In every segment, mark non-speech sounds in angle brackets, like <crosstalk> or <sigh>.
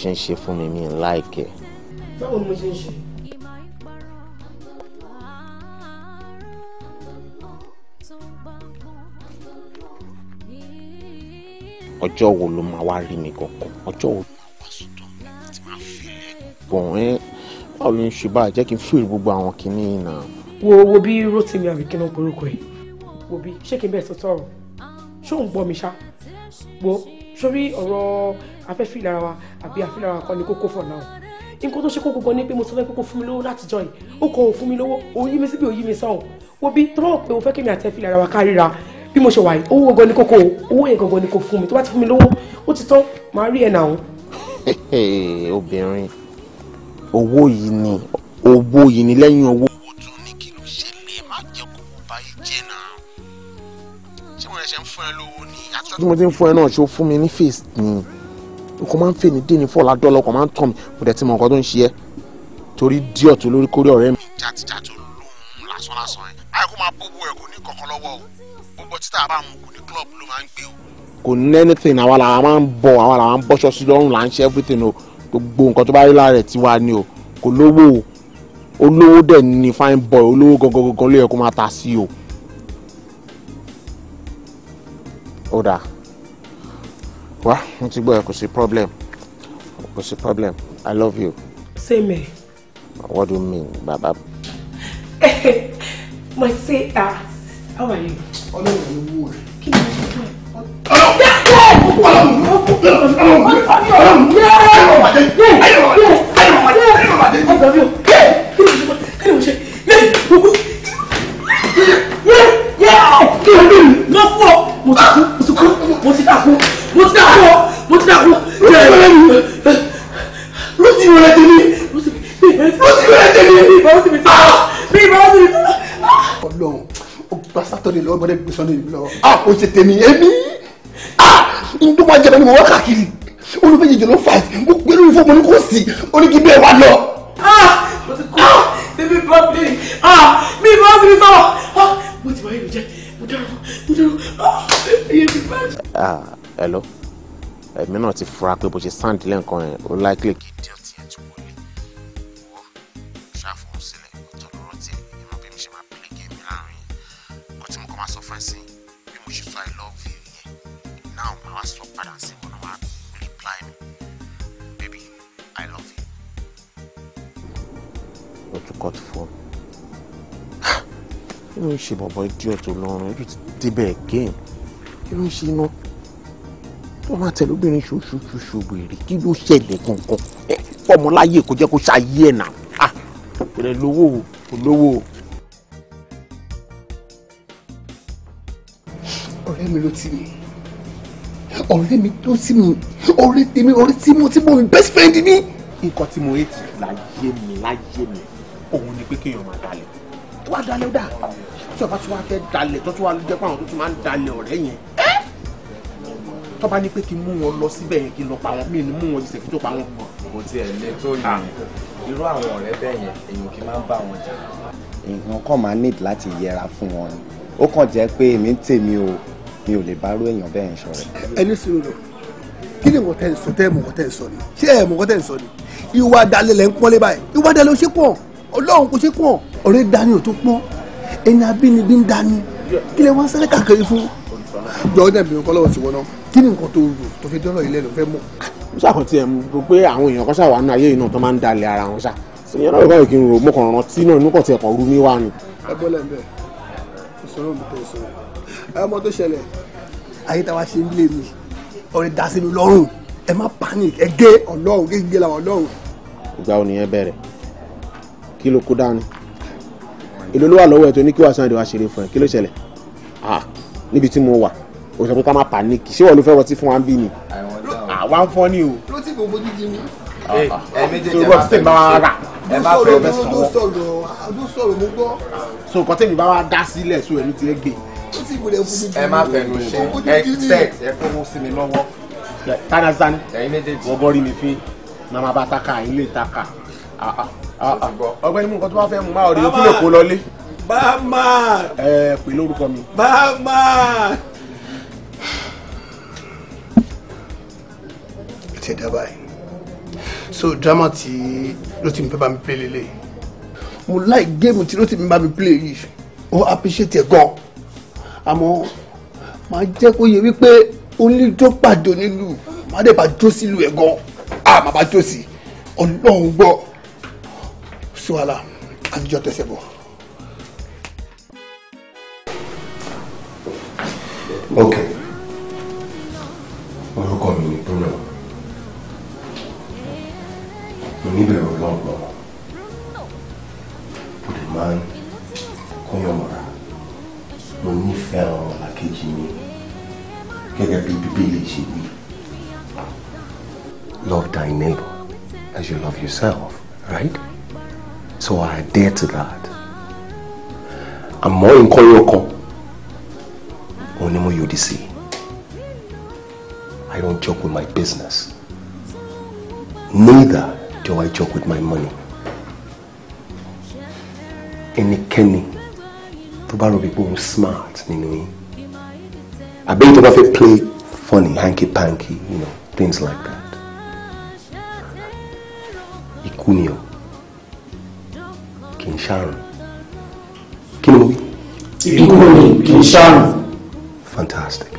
ṣe ń ṣe fún mi mi láìkẹ́. báwo ni mo ṣe ń ṣe. ọjọ́ wo ló máa wá rí mi kankan ọjọ́ wo ló máa wá sọ́dọ̀ mi tí máa fi lẹ́gbọ̀n ẹ́ báwo ló ṣe báyìí jẹ́ kí n fìrì gbogbo àwọn kìíní yìí náà. wo wo bí Rotimi àbíkínà porúkọ ẹ wo bí ṣé kí n bẹ̀ sọ tọrọ ṣé òun gbọ́ mi ṣá wo sórí ọ̀rọ̀ afẹ́fìlára wa àbí àfìlára kan ní kókó for now nǹkan tó ṣe kókó gan ni pé mo sọ fẹ́ kókó fún mi lówó láti jọ yìí ó kọ ò fún mi lówó òun yí mi síbi òyí mi sọ̀hún wo bí tọ́lọ́ pé mo fẹ́ kí mi àti ẹ̀fìlára wa kárìíra bí mo ṣe wà yìí owó gan ni kókó owó yẹn gangan ni kò fún mi tó bá ti fún mi lówó ó ti tán màá rí ẹ̀ nà ó. obìnrin owó yìí ni owó yìí ni lẹ́yìn owó ṣe ń fún ẹ lówó ni. bí mo ti ń fún ẹ náà ṣe ó fún mi ní face ni o máa ń fè ní déni fọlá dọ́là ọkọ̀ máa ń tàn mí kò dẹ̀ ti mọ nǹkan tó ń ṣe ẹ́ torí díọ̀ tó lórí kórè ọ̀rẹ́ mi. jàtijàtò lòun lásán ẹ ayé kó máa bóbú ẹ kò ní kankan lọ́wọ́ o gbogbo títà bá mu kò ní club ló máa ń gbé o. kò ní anything àwa làwa máa ń bọ àwa làwa ń bọ́ṣọ sí lọ́rùn là ń ṣe everything o gbogbo nǹkan tó bá rí lára ẹ̀ ti wá ni o kò lówó o olówó dẹ̀ ni fine boy olówó gangan ló yẹ kó máa ta sí o. ó dáa wá mo ti gbọ́ ẹ kò sí problem kò sí problem i love you. same here. what do you mean baba. my say ah how are you. ọlọ́run ló wú rẹ̀. kí ni mo ṣe fún ẹ. ọlọ́run ọlọ́run ọlọ́run ọlọ́run ayọ̀ màdé ayọ̀ màdé ayọ̀ màdé ayọ̀ màdé. ọgbà mi o kí ni mo ṣe kí ni mo ṣe lẹ́yìn gbogbo. yẹ́ẹ̀ yẹ́ẹ̀ kí ni mo ṣe lọ́fọ̀ọ́ mo ti kú mo ti dàkú mo ti dàkú mo ti dàkú jẹ ẹ ló ti wọlé tèmi ló ti wọlé tèmi ah! bí ìbáwọ́ tèmi bí ìbáwọ́ tèmi. Ọlọ́run ó gba sátọdẹ lọ́wọ́ bọdẹ gbèsè ọdẹ yìí lọ́wọ́ a ah, kò ṣe tèmi èmi ah! n tó máa jẹba ni mo wá káàkiri olùfẹ́ jẹjẹ ló fà yìí mo gbé lórí fóònù kò sí oníkì bẹ́ẹ̀ wá lọ. mo ti kọ́ bíbí bọ́ọ̀bì mi bọ́ọ̀bì mi sọ̀rọ̀ mo ti wáyé mi jẹ́. Ah, hello èmi náà ti fura pé bó ṣe sáǹdì lẹ́ǹkan yẹn ó láìpẹ́ kí n dín kí ló ń ṣe bọ̀bọ̀ idiot Ọlọ́run ojú ti débẹ̀ again kí ló ń ṣe iná tó máa tẹ̀lé obìnrin ṣoṣooṣo wèrè kí ló ṣẹlẹ̀ kankan ẹ fọmọláyè kò jẹ́ kó ṣàyé ẹ̀ náà ah kò lè lówó o kò lówó o. ọ̀rẹ́ mi ló tì mí ọ̀rẹ́ mi ló tì mí ọ̀rẹ́ tèmi ọ̀rẹ́ tí mo ti mọ̀ mi best friend ni. nǹkan tí mo hate láyé mi láyé mi òun ni pé kéèyàn máa dalẹ̀ tó bá dalẹ̀ ó dà tí ọba tí wàá fẹ́ dalẹ̀ tó tí wàá jẹ́ pé tó ti máa ń dalẹ̀ ọ̀rẹ́ yẹn tọ́ba ní pé kí mú wọn lọ síbẹ̀ yẹn kí n lọ pa wọn mí ni mú wọn jìṣẹ́ tó pa wọn. kò tiẹ̀ lè tó yẹn irú àwọn ọ̀rẹ́ bẹ́ẹ̀ yẹn èèyàn kì í máa ń bá wọn jà. nǹkan kan máa need láti yẹra fún wọn ni ó kàn jẹ́ pé èmi ń tèmi o mi ò lè bá rú èèyàn bẹ́ẹ̀ ṣọ̀rẹ́. ẹni sùn lọ kí ni nǹkan tẹ́ ń sọ tẹ́ mọ̀ tẹ́ ń sọ ni ṣé ẹ̀ mọ̀ ẹni abínibí ń dání kí lè wọ́n sẹ́lẹ̀ kàkiri fún. jọ̀ọ́ dẹ̀ bìnrin kọ́lọ́wọ́ ti wọ́nà kí ni nǹkan tó rò tó fi dọ́lọ̀ ilé ló fẹ́ mọ̀. sàkó tiẹ̀ rò pé àwọn èèyàn kan ṣàwà nínú ayé yìí náà tó máa ń dalẹ̀ ara wọn ṣá ìyẹn náà báyìí kí n rò mo kàn rántí náà inú kàn tiẹ̀ kàn rú mi wá ni. ẹ bọ́lẹ̀ bẹ́ẹ̀ ìṣòro mi tẹ̀ ìṣòro ẹ mọ tó ṣẹlẹ̀ ayé táwa ṣe ń lé mi ọ̀rẹ́ dá má panic ẹ gé ọlọ́run gé gé làwọn ọlọ́run. ìgbà ò nìyẹn bẹ̀rẹ̀ kí ló kó dání èlò ló wà lọ́wọ́ ẹ̀ tó ní kí wàá san ìdíwà ṣeré fún ẹ kí ló ṣẹlẹ̀ ah níbi tí mo wà o sọ pé ká má panic ṣé wọ́n ló fẹ́ wọtí fún wa ń bí ni. àwa ń fọ́ ni o. ló ti bòbó jíjí mi. Ah, ah. ẹ ẹ méjèèjì ẹ máa fẹ́ máa rà ẹ máa fẹ́ fẹ́ sọ̀rọ̀. ló sọ̀rọ̀ mo gbọ́. so nǹkan tẹ̀mí bá wa dá sílẹ̀ so ẹ̀mí ti rẹ̀ gbé. ó ti gbọdọ̀ fún mi. ẹ má fẹnu ṣe ẹ sex ẹ kówó sí mi lọ́wọ́. tádà sani wọ́n bọ́ rí mi fín màmá bá taka ilé taka ah, Ah, ah. ọgbẹ́ni mú nǹkan tó bá fẹ́ mu máa rí o lè kó lọlé. Bama. ẹ pè lórúkọ mi. Bama. ti dábàá yìí so drama ti ló ti bá mi play lélẹ̀ mo like game ti ló ti bá mi play yìí o appreciate ẹ gan àmọ́ màá jẹ́ kó yẹ wípé onídó pàdé onílù màá dẹ̀ bá jó sílùú ẹ̀ gan ah jó sí ọlọ́run gbọ́ sí wàhálà àtijọ́ tẹsẹ̀ bọ̀. ok orúkọ mi ni bruno mo níbẹ̀rù lọ́gbọ̀n mo lè máa ń kọ́yọ̀ mọ́ra mo nífẹ̀ẹ́ àwọn alákejì mi gẹ́gẹ́ bí bíbélì ṣe wí. Love thy neighbor as you love yourself so I dare to that àmọ́ more in kọ òun ni mo I don't joke with my business neither do I joke with my money ẹnikẹ́ni tó bá rò wípé òun smart nínú I àbẹ́yìn tó bá fẹ́ play funny hanky panky you know things like that ikú ni kì í ṣàrùn kí ni wí. ìbí kò kì í ṣàrùn. fantastic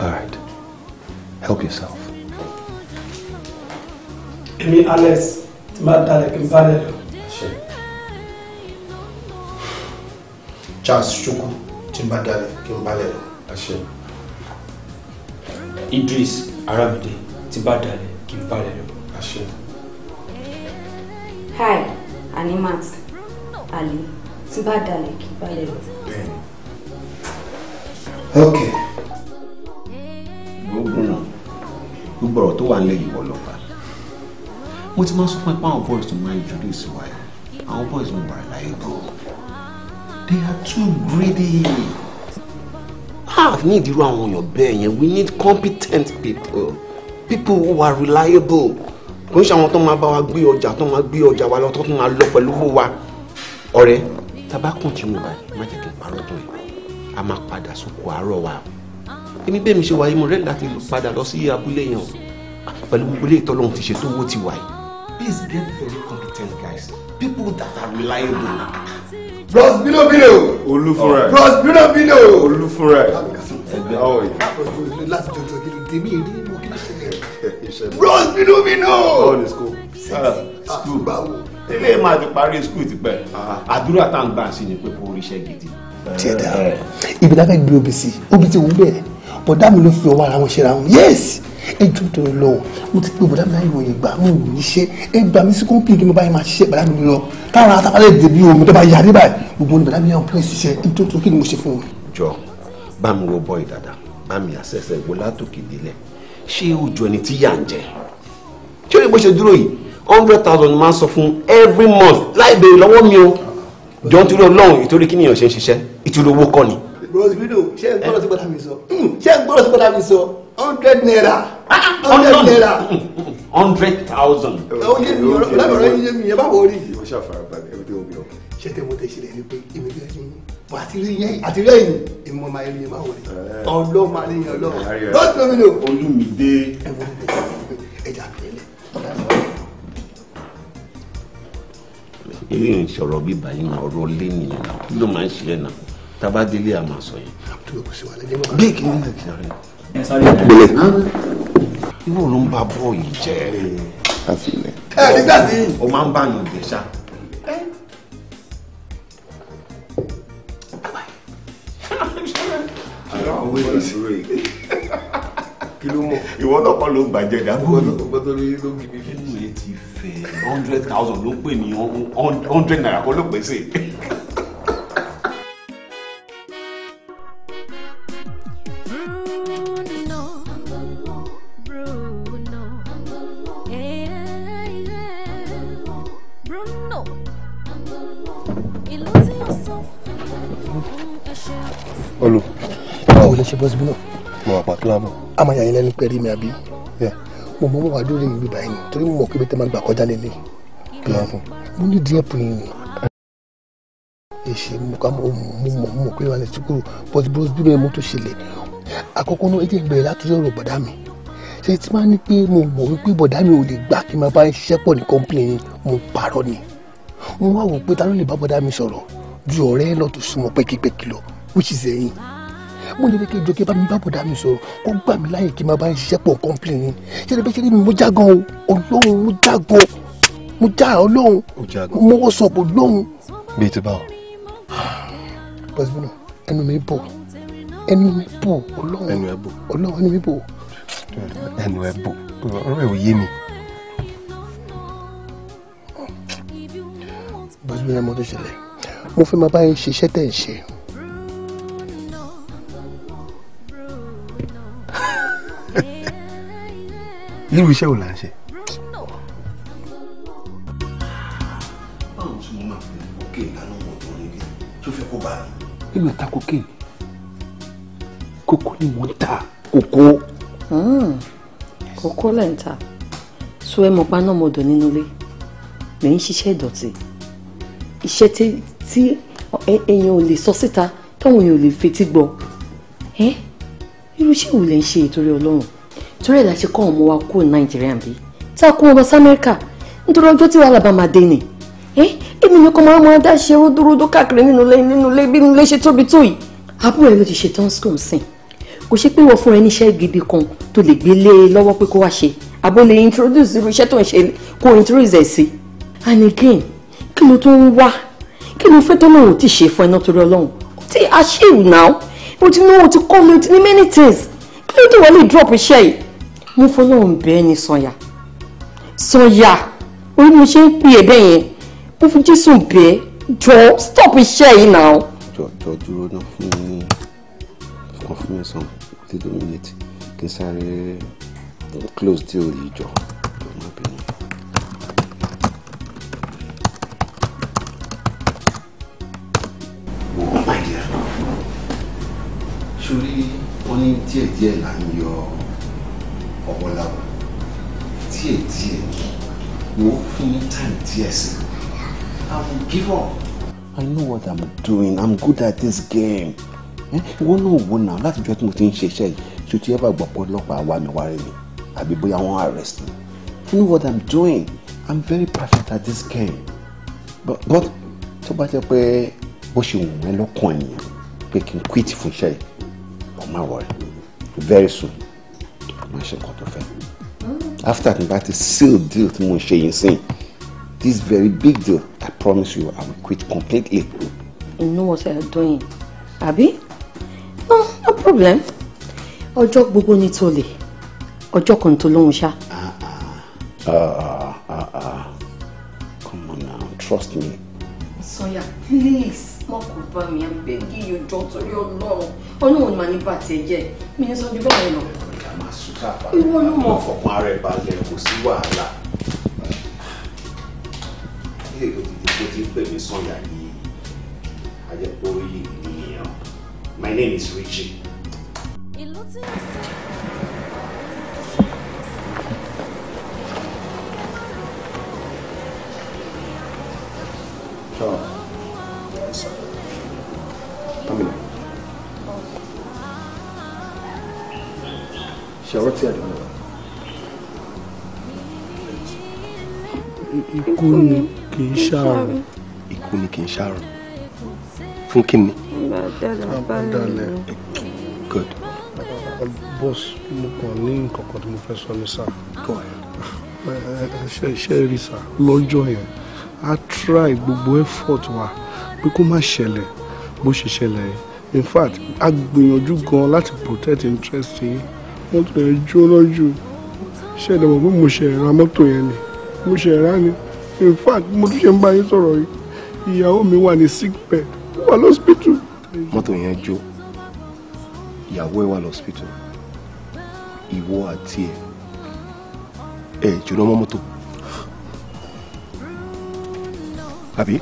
all right help yourself. èmi Alex ti máa dalẹ̀ kí n bá lẹ̀ lọ. Charles Chukwu tí n bá dalẹ̀ kí n bá lẹ̀ lọ. Idris Arabide tí n bá dalẹ̀ kí n bá lẹ̀ lọ. Hi animat àlè tí bá dalẹ̀ kí bá yẹ lọ. ok gbogbo náà gbogbo ọ̀rọ̀ tó wà nílẹ̀ yìí wọ̀ lọ́pàá mo ti máa sọ pé àwọn boys tó máa introduce wa yìí àwọn boys mi wà láyé gan they are too greedy half ní ìdírò àwọn èèyàn bẹ́ẹ̀ yẹn we need competent people people who are reliable kò ń ṣe àwọn tó máa bá wa gbé ọjà tó máa gbé ọjà wa lọ tó máa lọ pẹ̀lú owó wa ọ̀rẹ́ tábà kùn tí mo má jẹ́ kí n parọ́ tó yìí a máa padà sóko àárọ̀ wa èmi bẹ́ẹ̀ mi ṣe wáyé mo rẹ́ láti padà lọ sí abúlé yẹn o pẹ̀lú gbogbo ilé ìtọ́lọ́hún ti ṣe owó ti wáyé. please get very competent guys people that are reliable. bros bínobíno. olúfúnra bros bínobíno. olúfúnra ẹgbẹ́ ọ̀hìn. láti jọjọ kí ló rí ṣẹlẹ̀. bros bínú bínú. báwo ni school. Ah, ah. school báwo. ilé máa ti parí school ti pẹ́ ah. àdúrà tá à ń gbà sí ni pé kó oríṣẹ́ gidi. tiẹ̀ dá eh. ibi lábẹ́ gbé obì sí obì ti wù bẹ́ẹ̀ bọ̀dá mi ló fi ọwọ́ ara wọn ṣe ra wọn yẹ́sì ẹjọ́ tó lọ mo ti pé bọ̀dá mi láyé wòye gbà mo wò níṣẹ́ ẹ gbà mí sí kọ́ńpì kí mo bá yẹn máa ṣiṣẹ́ bọ̀dá mi lọ táwọn atápálẹ̀ dèbí omi tó bá yà níbàyí gbogbo ní bọ̀dá mi yà ọ̀pẹ́ ṣiṣẹ́ ẹjọ́ tó kí ni mo ṣe fún wọn. jọ bá mi wo bọ́ọ̀ ìdàdà bá mi àṣẹṣẹ wo látòkè délẹ̀ ṣé ó ju ẹni tí yà ń jẹ ṣé òyìnbó ṣe dúró yìí hundred thousand máa ń sọ fún every month láì béèrè lọ́wọ́ mi o jọ ń torí ọlọ́run ìtorí kí nìyàn ṣe ń ṣiṣẹ́ ìtorí owó kọ́ ni. bros video ṣé ń gbọ́dọ̀ sí pátá mi sọ hmm, ṣé ń hundred naira hundred naira hundred thousand. ọ̀hún yé mi ọ̀rọ̀ yé mi ẹ̀ bá wọlé. ìwọ ṣàfàrà balẹ̀ ẹ̀ bí tẹ́ omi ọ̀ ṣé tẹ́ mo tẹ́ ṣe lẹ́ni pé ìwé bọ̀ àti rí yẹn àti rí ẹ̀yìn ìmọ̀ máa rí yẹn máa wọlé eh. ọlọ́run máa rí yẹn ọlọ́run eh, lọ́sùn lómi lò. Olúmídé ẹja pẹ̀lẹ́. eléyìí ń sọ̀rọ̀ bí báyìí náà ọ̀rọ̀ lé nìyẹn náà kí ló máa ń ṣe náà tabadélé a máa sọ yẹn. bí kì í ní ìkìlẹ̀ irú ló ń bá bọ́ọ̀lù jẹ́ ẹ̀ ẹ̀ nígbà tí o máa ń bá yàn jẹ́ sá. owó ìṣòro yìí kí ló mọ̀. ìwọ náà kọ́ ló ń gbàjẹ́ ìdábò. ọgbọ́n tó ní ló gbìbí fíìmù yẹn ti fẹ́ hundred thousand ló pè ní hundred naira kan ló pèsè. ṣe bọ́sibí náà. mo wà pàtó láàbọ̀. a máa yàyìn lẹ́nu pẹ́ẹ́rì mi àbí. mo mọ wà lórí ìlú báyìí ni torí mo mọ̀ pé tẹ́ máa gbà kọjá lélẹ̀. mo ní díẹ̀ pè é. èsì mo ká mo mọ̀ pé wà lè sukuru bọ́sibí bẹ́ẹ̀ mo tó ṣẹlẹ̀. àkọ́kọ́ náà ètò ìbẹ̀rẹ̀ láti ọ̀rọ̀ bọ̀dá mi ṣe tí máa ní pé mo mọ̀ wípé bọ̀dá mi ò lè gbà kí máa bá ń pọ̀ ní kọ́ńpìlì mo parọ́ ni mo wá wò pé ta ló lè bá bọ̀dá mi sọ̀rọ̀ ju ọ̀rẹ́ lọ tó súnmọ́ pẹ́kípẹ́kí lọ which is ẹ̀yin mo lè kí ìjọkẹ́ bá mi bá bọ̀dá mi sọ̀rọ̀ kó gbà mí láyè kí n máa bá ń ṣiṣẹ́ pọ̀ kọ́ńpìlì ni ṣé ẹni bẹ́ẹ̀ ṣe ni mo já gan o ọlọ́run mo já gan mo já ọlọ́run mo wọ́ sọ̀pọ̀ ọlọ́run. bíi ti báwo. pọsibúlọ ẹnu mi bò ẹnu mi bò ọlọ́run ẹnu ẹ bò ọlọ́run ẹnu mi bò. ẹnu ẹ bò ọ̀rọ̀ ẹ ò yé mi. pọsibúlọ ẹ mọ tó ṣẹlẹ̀ mo fẹ́ máa bá yín ṣiṣẹ́ tẹ̀ ń ṣe. irú iṣẹ́ wo là ń ṣe. báwo tí mo máa fi cocaine lánàá wọ̀ tó rí rí tó fẹ́ kó bá mi. èmi ò ta cocaine kókó ni mò ń ta kókó. Hmm. kókó lẹ́ ń ta so ẹ mọ̀ paná mo dùn nínú ilé lè ń ṣiṣẹ́ ìdọ̀tí iṣẹ́ tí èèyàn ò lè sọ síta táwọn èèyàn ò lè fetí gbọ́ irú iṣẹ́ wo lè ń ṣe ìtorí ọlọ́run torí ẹ̀ la ṣe kọ́ ọmọ wa kúrò ní nàìjíríà bí tá a kó wọn lọ sí amẹ́ríkà nítorí ọjọ́ tí wàhálà bá máa dé ni èmi ni kò máa máa dá ṣe ródóródó káàkiri nínú ilé nínú ilé bí ilé ṣe tóbi tó yìí àbúrò ẹ ló ti ṣetán school sìn kò ṣe pé wọ́n fúnra ẹni iṣẹ́ gidi kan tó lè gbé lé e lọ́wọ́ pé kó wá ṣe àbó lè introduce irú iṣẹ́ tó ń ṣe kó introduce ẹ̀ sí and again kí ló tó ń wá kí ló fẹ́ tó lóun ò tí ṣe fún ẹ náà torí ọlọ́run ti achieve now o ti ní o ti kọ́ mi ní many things kí ló dé wọ́n drop iṣẹ́ yìí mo fọlọ́run bẹ́ẹ̀ ni sọ̀yà sọ̀yà orí mo ṣe ń pè é bẹ́ẹ̀ yẹn mo fi jésù bẹ́ẹ̀ jọ stop iṣẹ́ yìí náà. jọ jọ dúró náà fún mi kan fún mi sàn tí tó mi kí n sáré eh, close tí ò yí jọ jọ má bínú. wo oh, my dear sori wọn ní díẹ̀díẹ̀ là ń Ọmọláwo díẹ̀ díẹ̀ mo fún ní time díẹ̀ sí I will give up. I know what I'm doing I'm good at this game. Ìwọ náà wò náà látijọ́ tí mo ti ń ṣiṣẹ́ yìí ṣé o ti ever gbọ́ pé ọlọ́pàá wá mi wá rí mi àbí bóyá wọ́n arrest me. You know what I'm doing I'm very perfect at this game. But but tó bá jẹ́ pé bó ṣe wù mí lọ́kàn ènìyàn pé kí n quit fún iṣẹ́ yìí mo máa wọ̀rẹ́ very soon máa ṣe nǹkan tó fẹ́ after tí n bá ti seal deal tí mo ṣe yìí sìn this very big deal I promise you I will quit completely. you know what I am doing abi no no problem ọjọ́ gbogbo ni tó lè ọjọ́ kan tó lóhun ṣá. Ah, ah, ah, come on now trust me. sọyà please wọn kò bá mi àbẹ́gí ìyọjọ́ torí ọlọ́run ọlọ́run ni màá ní bàtẹ́ jẹ́ mi ní sọ́jú báwọn lọ ṣàfàlẹ́ ìwọ ló mọ̀ fọ̀pọ̀ ara ẹ̀ kò sí wàhálà ilé òtítí tó ti pè mí sọ̀yà yìí ajẹ́pọ̀ orí ènìyàn my name is Richie. ìlú tí ó sọ. ikú kì í ṣàrùn. ikú kì í ṣàrùn fún kíni. àbádálẹ̀ good. boss mo kàn ní nǹkan kan tí mo fẹ́ sọ ní sáà. ṣe ṣe rí sáà lọ́jọ́ yẹn a try gbogbo effort wa pé kó má ṣẹlẹ̀ bó ṣe ṣẹlẹ̀ yẹn in fact a gbìyànjú gan láti protect interest yín wọ́n tún lè jó lọ́jù ṣẹ̀dá mọ̀ pé mo ṣe ra mọ́tò yẹn ni mo ṣe ra ni in fact mo tún ṣe ń bá yín sọ̀rọ̀ yìí ìyàwó mi wà ní sick bed wà lọ́sípítù. mọ́tò yẹn jó ìyàwó ẹ wà lọ́sípítù ìwọ àti ẹ ẹ jóná mọ́ mọ́tò àbí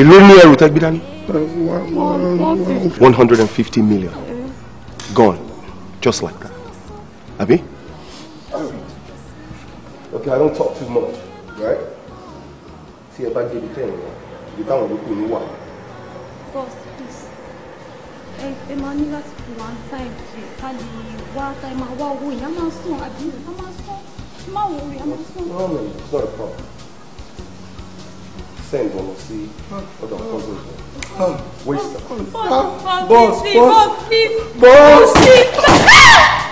èló ní ẹrù tẹ́ gbé dání. one hundred and fifty million gone just like that Abi okay i don't talk too much right See ẹ bá dé ibi tẹ̀yìn wọn ibi táwọn olókùn mi wà. boss please Hey, ẹ máa ní láti one time ṣe ká lè wá ká ẹ máa wá owó ìyá máa sùn àbí ìyá máa sùn máa wọ ìyá máa sùn. no no it's not a problem send one. wọn sí ọ̀dọ̀ cousin rẹ waste time. boss boss boss please boss.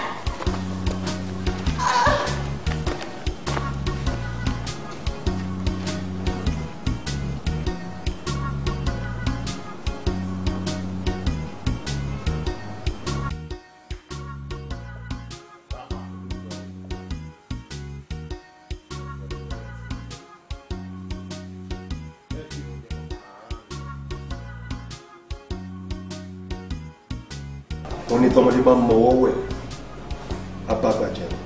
bá mọwọ́ wẹ̀ abágbàjẹ́ ni.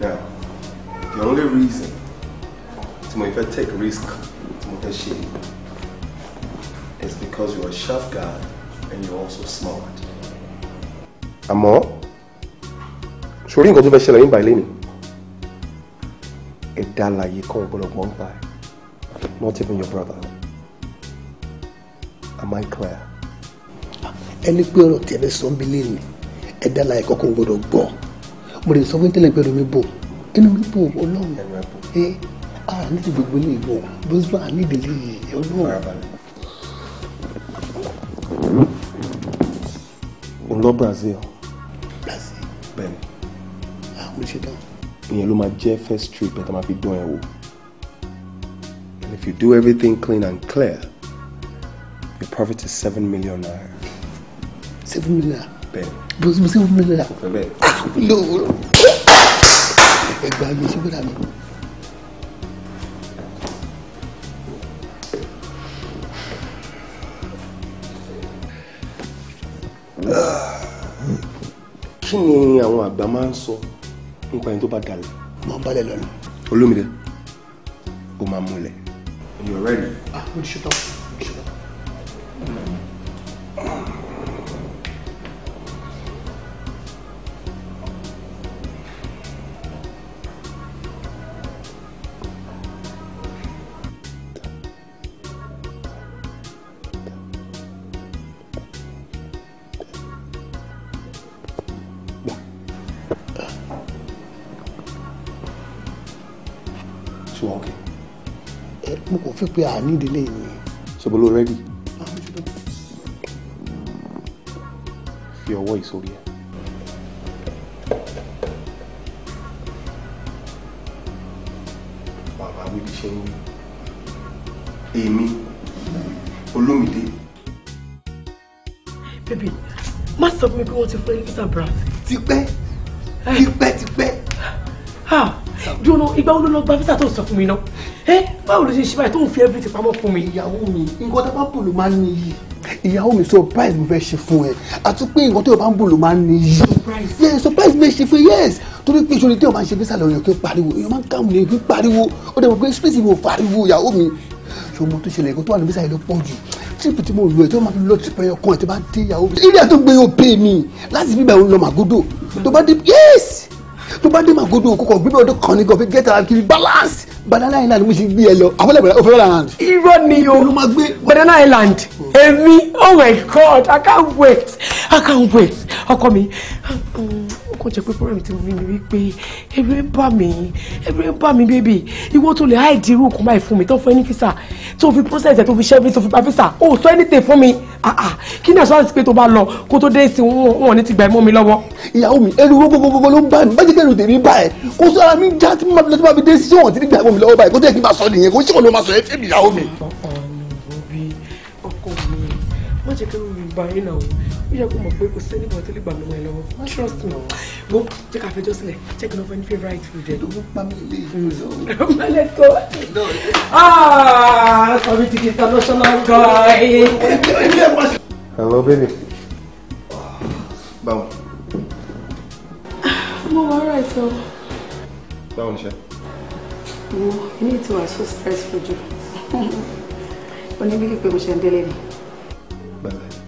now the only reason tí mo fẹ́ take risk tí mo fẹ́ ṣe is because you are sharp guy and you are also smart. àmọ́ sórí nǹkan tó fẹ́ ṣẹlẹ̀ nígbà ilé mi ẹ̀dá àlàyé kan ọ̀pọ̀lọpọ̀ ń pa not even your brother. Am I clear? ẹni pé ọ̀rọ̀ tí ẹni sọ mi léèrè ẹ̀dá láì kọ́kọ́ gbọ́dọ̀ gbọ́ mo lè sọ fún tẹ́lẹ̀ pé mi bò ẹnu mi bò ọlọ́run ẹ a nídìí gbogbo ilé ìwọ bùsùn a nídìí yìí ọlọ́run. n lọ Brazil. Brazil. bẹ́ẹ̀ni. àwọn ìṣẹ̀dá. ìyẹn ló máa jẹ́ first trip ẹ̀ tá máa fi dán ẹ wò. and if you do everything clean and clear your profit is seven million naira seven million bó ṣe seven million lówó ẹgbà ah, mi ṣúgbọ́n mi. kí ni àwọn àgbà máa ń sọ nípa ẹni tó bá dalẹ̀. mo ń balẹ̀ lọ́nà. olómi dẹ o máa múlẹ̀. you are ready. ah mo ti ṣe tán. fi pé àní ìdílé yìí. ṣòbolo rẹ́dì. Ah, fi ọwọ́ ìsórí ẹ̀. bàbá mi ti ṣe ń èmi olómìdé. bébì má sọ fún mi pé wọ́n ti fún ẹ ní visa brazil. Eh. tipẹ́ tipẹ́ tipẹ́. Ah, dúró ìgbà wo ló lọ gba visa tó sọ fún mi náà ẹ báwo ló ṣe ṣe báyìí tó ń fi everything pamọ́ fún mi. ìyàwó mi nǹkan tó bá bù ló máa ń níyì. ìyàwó mi surprise mo fẹ́ ṣe fún ẹ àti pé nǹkan tó bá ń bù ló máa ń níyì. surprise yes surprise mi ṣe fún yes torí pé ìṣòro tí o máa ń ṣe bísà lọ́yọ̀ kí n pariwo èèyàn máa ń kàwọn èèyàn kí n pariwo ó dẹ̀ mọ̀ pé space mi ò pariwo ìyàwó mi ṣùgbọ́n tó ṣẹlẹ̀ nǹkan tó wà ní bísà yìí ló pọ̀ jù tíìpù tí mo lò ẹ tí wọn máa fi lọ tíìpù ẹyọ kan ẹ tí wọn bá dé ìyàwó mi ilé àtúgbẹ yóò pè mí láti bíbẹ òun lọ màgódò tó bá dé yéèsì tó bá dé màgódò kókò gbígbé ọdún kan ní kò fi get out kiri balance banana island mo ti gbé ẹ lọ àwọn ẹlẹ́bẹ̀rẹ̀ òfin island. irọ́ ni o banana island èmi oh my god i can't wait i can't wait ọkọ mi kàn jẹ́ pé problem ti mi ni wípé ebi ń bà mí ebi ń bà mí bébì ìwọ tó lè háìdì irú nǹkan báyìí fún mi tó fún ẹni físà tó fi process ẹ̀ tó fi ṣẹ́bí tó fi pa físà ó sọ anything fún mi ah, ah. kí ni àṣọ àti pé tó bá lọ kó tó dé sí wọn ní ti gbà ẹ mọ́ mi lọ́wọ́. ìyàwó mi ẹnu gbogbogbò ló ń bá mi bá jẹ́ kẹ́rù tèmi bá ẹ kó sọ ara mi já tí mo máa fi dé sí wọn ti gbà ẹ mọ́ mi lọ́wọ́ báyìí kó tó yẹ kí mi ó mọ̀ pé kò sẹ́ni bọ̀ tó lè gbà mí wọn lọ́wọ́ trust me wo jẹ́ ká fẹjọ́ sílẹ̀ jẹ́ kí n lọ fẹ́ ní favourite food ẹ̀. ló fún pami ilé ìfowópamọ́. mẹ́lẹ̀ tó ah sọmi ti di international guy. hello baby. báwo. mo wà ọ̀rọ̀ ìtọ́. báwo ni ṣe. wo ilé ìtura so stressful jù oníbílẹ̀ <laughs> pé mo ṣe ń délé ni. bẹ́ẹ̀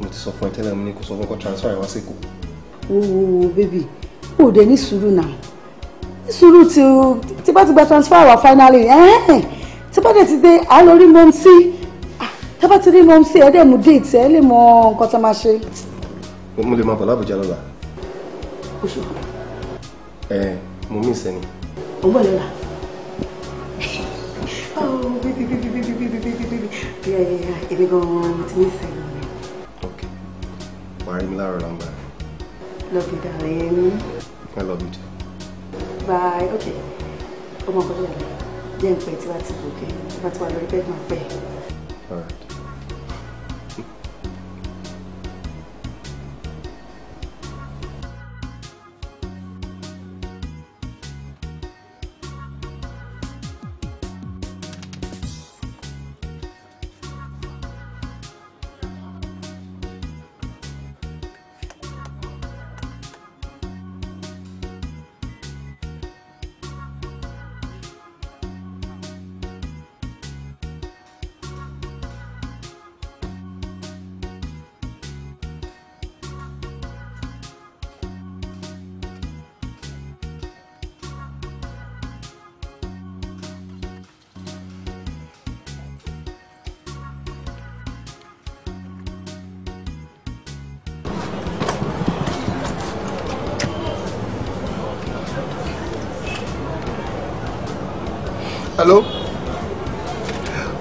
mo ti sọ fún ẹ tẹ́lẹ̀ mo ní kó sọ fún ọkọ transfer wá sí Èkó. ooo bébì o ò dé ní sùúrù náà ní sùúrù tí o ti bá ti gba transfer wá finally tí bá dẹ̀ ti dé à ń lọ rí mọ́ sí ah, tí bá ti rí mọ́ sí ẹ dẹ̀ mú déètì ẹ lè mọ nǹkan tá a máa ṣe. mo lè máa bọ̀ lábùjá lọ́la. oṣù. ẹ mo mí ìsẹ́ni. ò ń bọ̀ lọ́la. oh bíbí bíbí bíbí bíbí bíbí bíbí èmi gan-an ti mí ìsẹ́ni wàá rí mi láàárọ̀ love you darling. I love you too. bye okay ọmọ ọkọ tó yàrá jẹ́ ń pẹ́ tí wàá ti bò kẹ́ tí wàá ti wà lórí all right.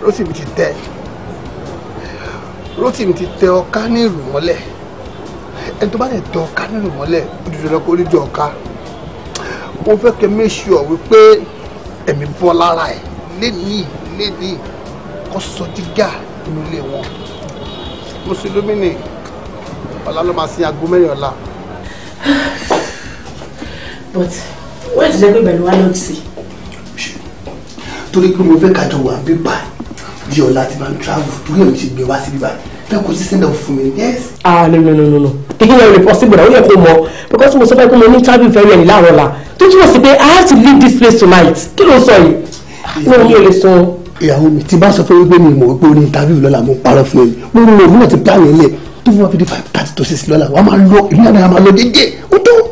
Rótìmí ti tẹ Rótìmí ti tẹ ọká ní ìlú mọ́lẹ̀ ẹni tó bá lè tẹ ọká ní ìlú mọ́lẹ̀ ó dúdú oníjọ ọká mo fẹ́ kẹ́ make sure wípé ẹ̀mí bọ́ lára ẹ̀ lénìí lénìí kó sọ jígà nínú ilé wọn mùsùlùmí ni ọ̀la ló máa sin aago mẹ́rin ọ̀la. but where is ẹgbẹ́ ìbẹ̀rù wa lọ sí. torí pé mo fẹ́ kájọ wà bíbá bí ọ̀la máa travel torí ẹ̀mí ṣe gbé wá sí bíbá bẹ́ẹ̀ kò sí send fún mi yes. ah no no no no no taking your possible na ó yẹ kó mọ because mo sọ fẹ́ pé mo ní interview very early láàárọ̀ la tó túmọ̀ sí pé i have to leave this place tonight kí ló sọ yìí no mi ò lè sọ. ìyàwó mi ti bá sọ fún mi pé mi mọ̀ pé o ní interview lọ́la mo parọ́ fún mi mo rò ó múlẹ̀ ti plan yẹn lẹ̀ tó fún wa five thirty to six lọ́la wàá máa lọ ìlú àná máa lọ déédéé ó tó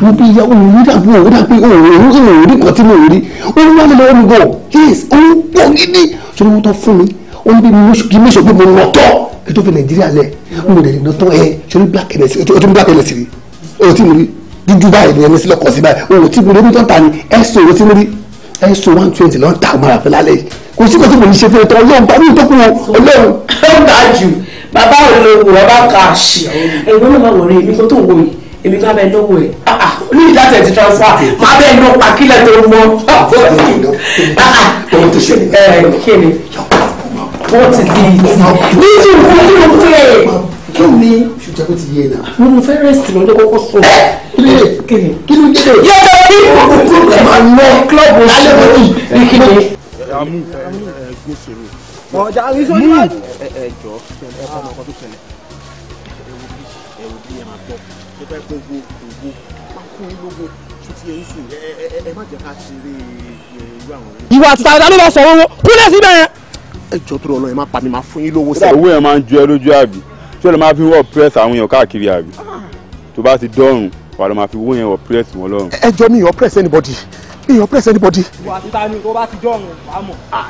mo bí ìyá òun rí dàbí òun dàbí òun òun òun rí kan tí mo rí òun wà lọ́wọ́ mi gan yes òun pọ̀ gidi sórí wọn tó fún mi òun bí kí mi sọ pé mo nà tọ́ kí tó fi nàìjíríà lẹ̀ mo lè nà tán ẹ sórí black ẹlẹsì o ti black ẹlẹsì rí o ti mo rí dúdú báyìí ni ẹni sílẹ̀ kọ̀ sí báyìí o ti mo rí tó ń ta ni ẹ̀sùn o ti mo rí ẹ̀sùn one twenty lọ́n ta àmàrà fẹ́ lálẹ́ kò sí kò tí mo ní ṣe fún ẹ̀tọ́ ọlọ́run parí ìtọ́kùn ọlọ́run. ó dájú bàbá òun ló wọ̀ ọ́ bá kà á ṣe ẹ̀rọ náà wọ̀ èmi tó abẹ́ lówó ẹ̀ ní ìdájọ́ ti transfer máa bẹ́ẹ̀ lọ pa kílẹ̀ tó mọ́. ohun tó ṣẹlẹ̀ ẹ kí ni wọ́n ti di níjú ìfúnjú pé. kí ni ṣùjá bó ti yé e náà. mo fẹ́ rẹ́sì lọ́jọ́ kọ́kọ́ sùn. kí ni kí ni jẹ́ de. yóò tẹ̀lé bí kòkòrò rẹ̀ máa lọ kílọ̀bù lálẹ́ lórí ní kí ni. ọjà àrísọ́jú. ẹ ẹ jọ ẹ bá ọkọ tó ṣẹlẹ̀ bá pẹ́ wo ògbó pákó lógo tó ti ẹ̀yìn sìn ẹ má jẹ́ ká ṣeré irú àwọn. ìwà àtàlà ló lọ sọ owó kúlẹ̀ síbẹ̀ yẹn. ẹ jọ tó lọ ẹ máa pa mi máa fún yín lówó sẹ́yìn. owó yẹn máa ń ju ẹ lójú àbí tí ọ̀rẹ́ máa fi wọ́ pírẹ́sì àwọn èèyàn káàkiri àbí tó bá ti dọ́rùn wàá lọ máa fi owó yẹn wọ pírẹ́sì wọn lọ́rùn. ẹ jọ mi yọ pírẹ́sì anybody mi yọ pírẹ́sì anybody. ìwà àtàlà ni tó bá ti dọ́rùn wàá mọ̀. Ah!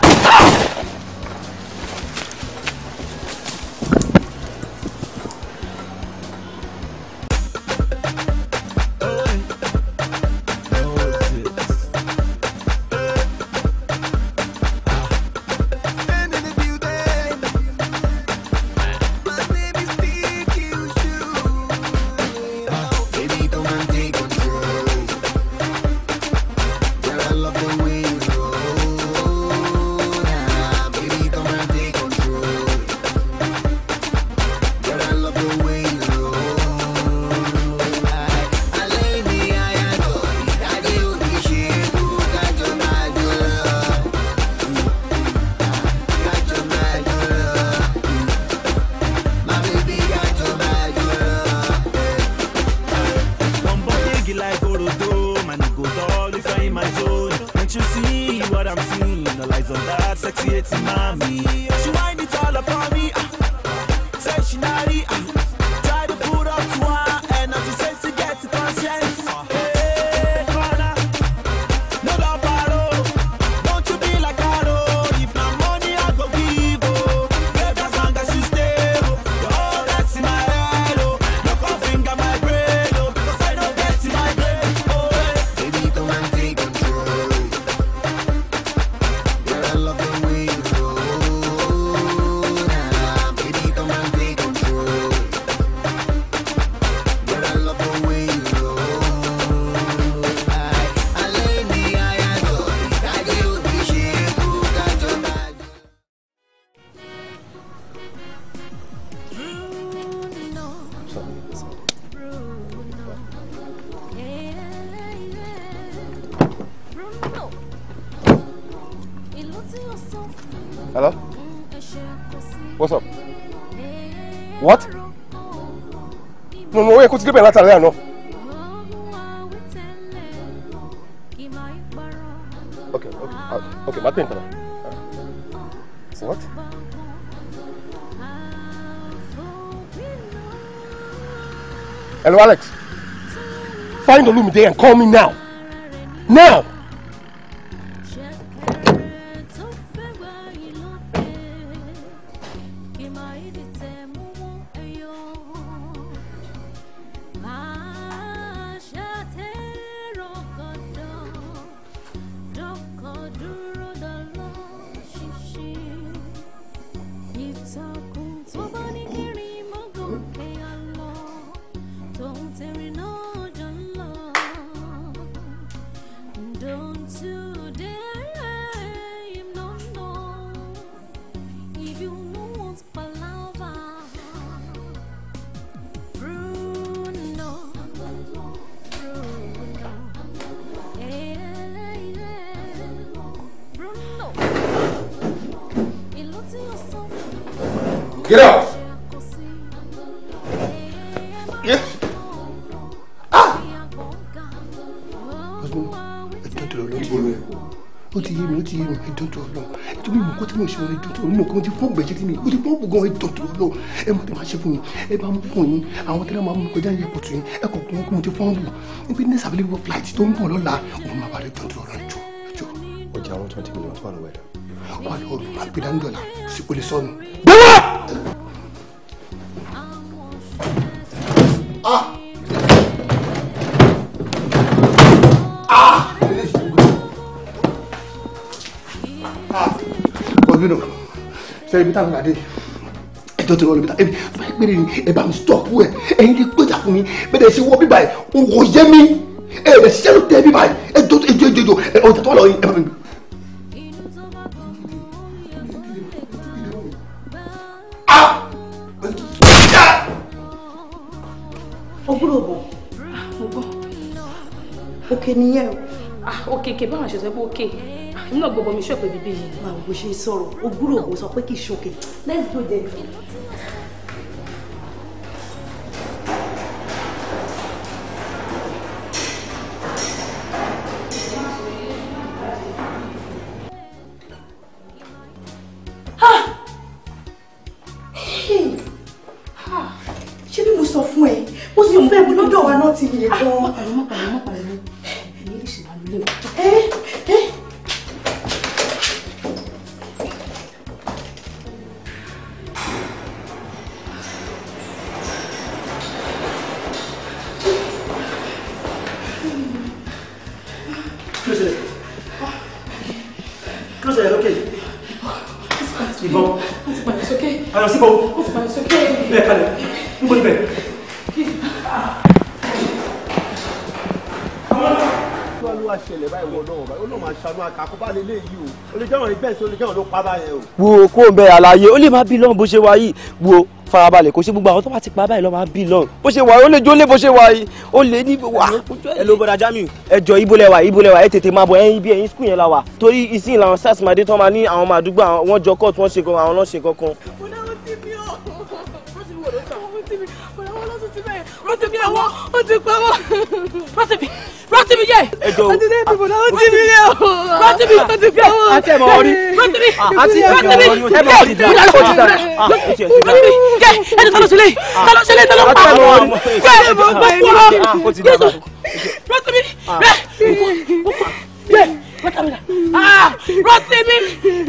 What? no, mọ̀ wẹ́ẹ́ kó you débẹ̀ látàrí no. Okay, okay, uh, okay, máa pè nǹkan What? Hello, Alex. Find Olumide and call me now. Now! kọjá yẹn kò tún yín ẹ kọ̀ kún kún ti fọ́n bù ní pé ní sàbílẹ̀ wọ flight tó ń bọ̀ lọ́la òun máa bá rẹ̀ tán tó rọrùn jù. ọjà àwọn twenty million tó wà lọ́wọ́ ẹ̀dá. wà á lọ́ọ̀rù máa gbé dání dọ̀là sí olè sọ́nù. bẹ́ẹ̀ ah ah sẹ́yìn ah! bí táwọn adé ẹjọ́ tó wọlé bí táwọn ẹ bá mi stop ẹ ẹ̀yin lè pé fún mi bẹ́ẹ̀ ṣe wọ́ bíbá yìí wò yé mi ẹ ẹ ṣiṣẹ́ ló tẹ bíbá yìí ẹ jọ ẹ jọ ẹ jọ ẹ ọjà tó wà lọ́wọ́ yìí ẹ bá mi. Ah! Ah! Ah, òkè nìyẹn o. òkè kè báwọn ṣe sọ pé òkè nínú ọgbọgbọ mi ṣọpẹ bíbí yìí. báwo ṣe sọ̀rọ̀ ògbúrò ògbó sọ pé kì í ṣòkè let's go there. lè jẹ́wọ̀n ìgbẹ́ sí olè wo kó o bẹ àlàyé ó lè má bí lọ́n bó ṣe wá yìí wo farabalẹ̀ kò sí gbogbo àwọn tó bá ti pa báyìí lọ́ máa bí lọ́n bó ṣe wà ó lè jólé bó ṣe wà yìí ó lè ní wà. ẹ ló Jamiu. ẹ jọ ibùlẹ̀ ẹ tètè máa bọ̀ ẹyin bí ẹyin skul yẹn la wà torí ìsìn làwọn sars máa tán máa ní àwọn máa dúgbò jọ kọ́ọ̀tù wọn ṣe kan àwọn náà kankan. ọ̀nà ó ti bí ọ̀ rántí mi yẹ. ẹjọ o àti ilé ìbò náà rántí mi yẹ o. rántí mi rántí mi o. àti ẹ̀mọ̀ ọ̀rí. rántí mi àti ẹ̀mọ̀ ọ̀rí. ẹ̀mọ̀ ọ̀rí da ẹ̀mọ̀ ọ̀rí da rántí mi yẹ ẹni tọ́lọ́ sílẹ̀ tọ́lọ́ sílẹ̀ tọ́lọ́ pa yẹ ẹ̀mọ̀ ọ̀rí da rántí mi yẹ rántí mi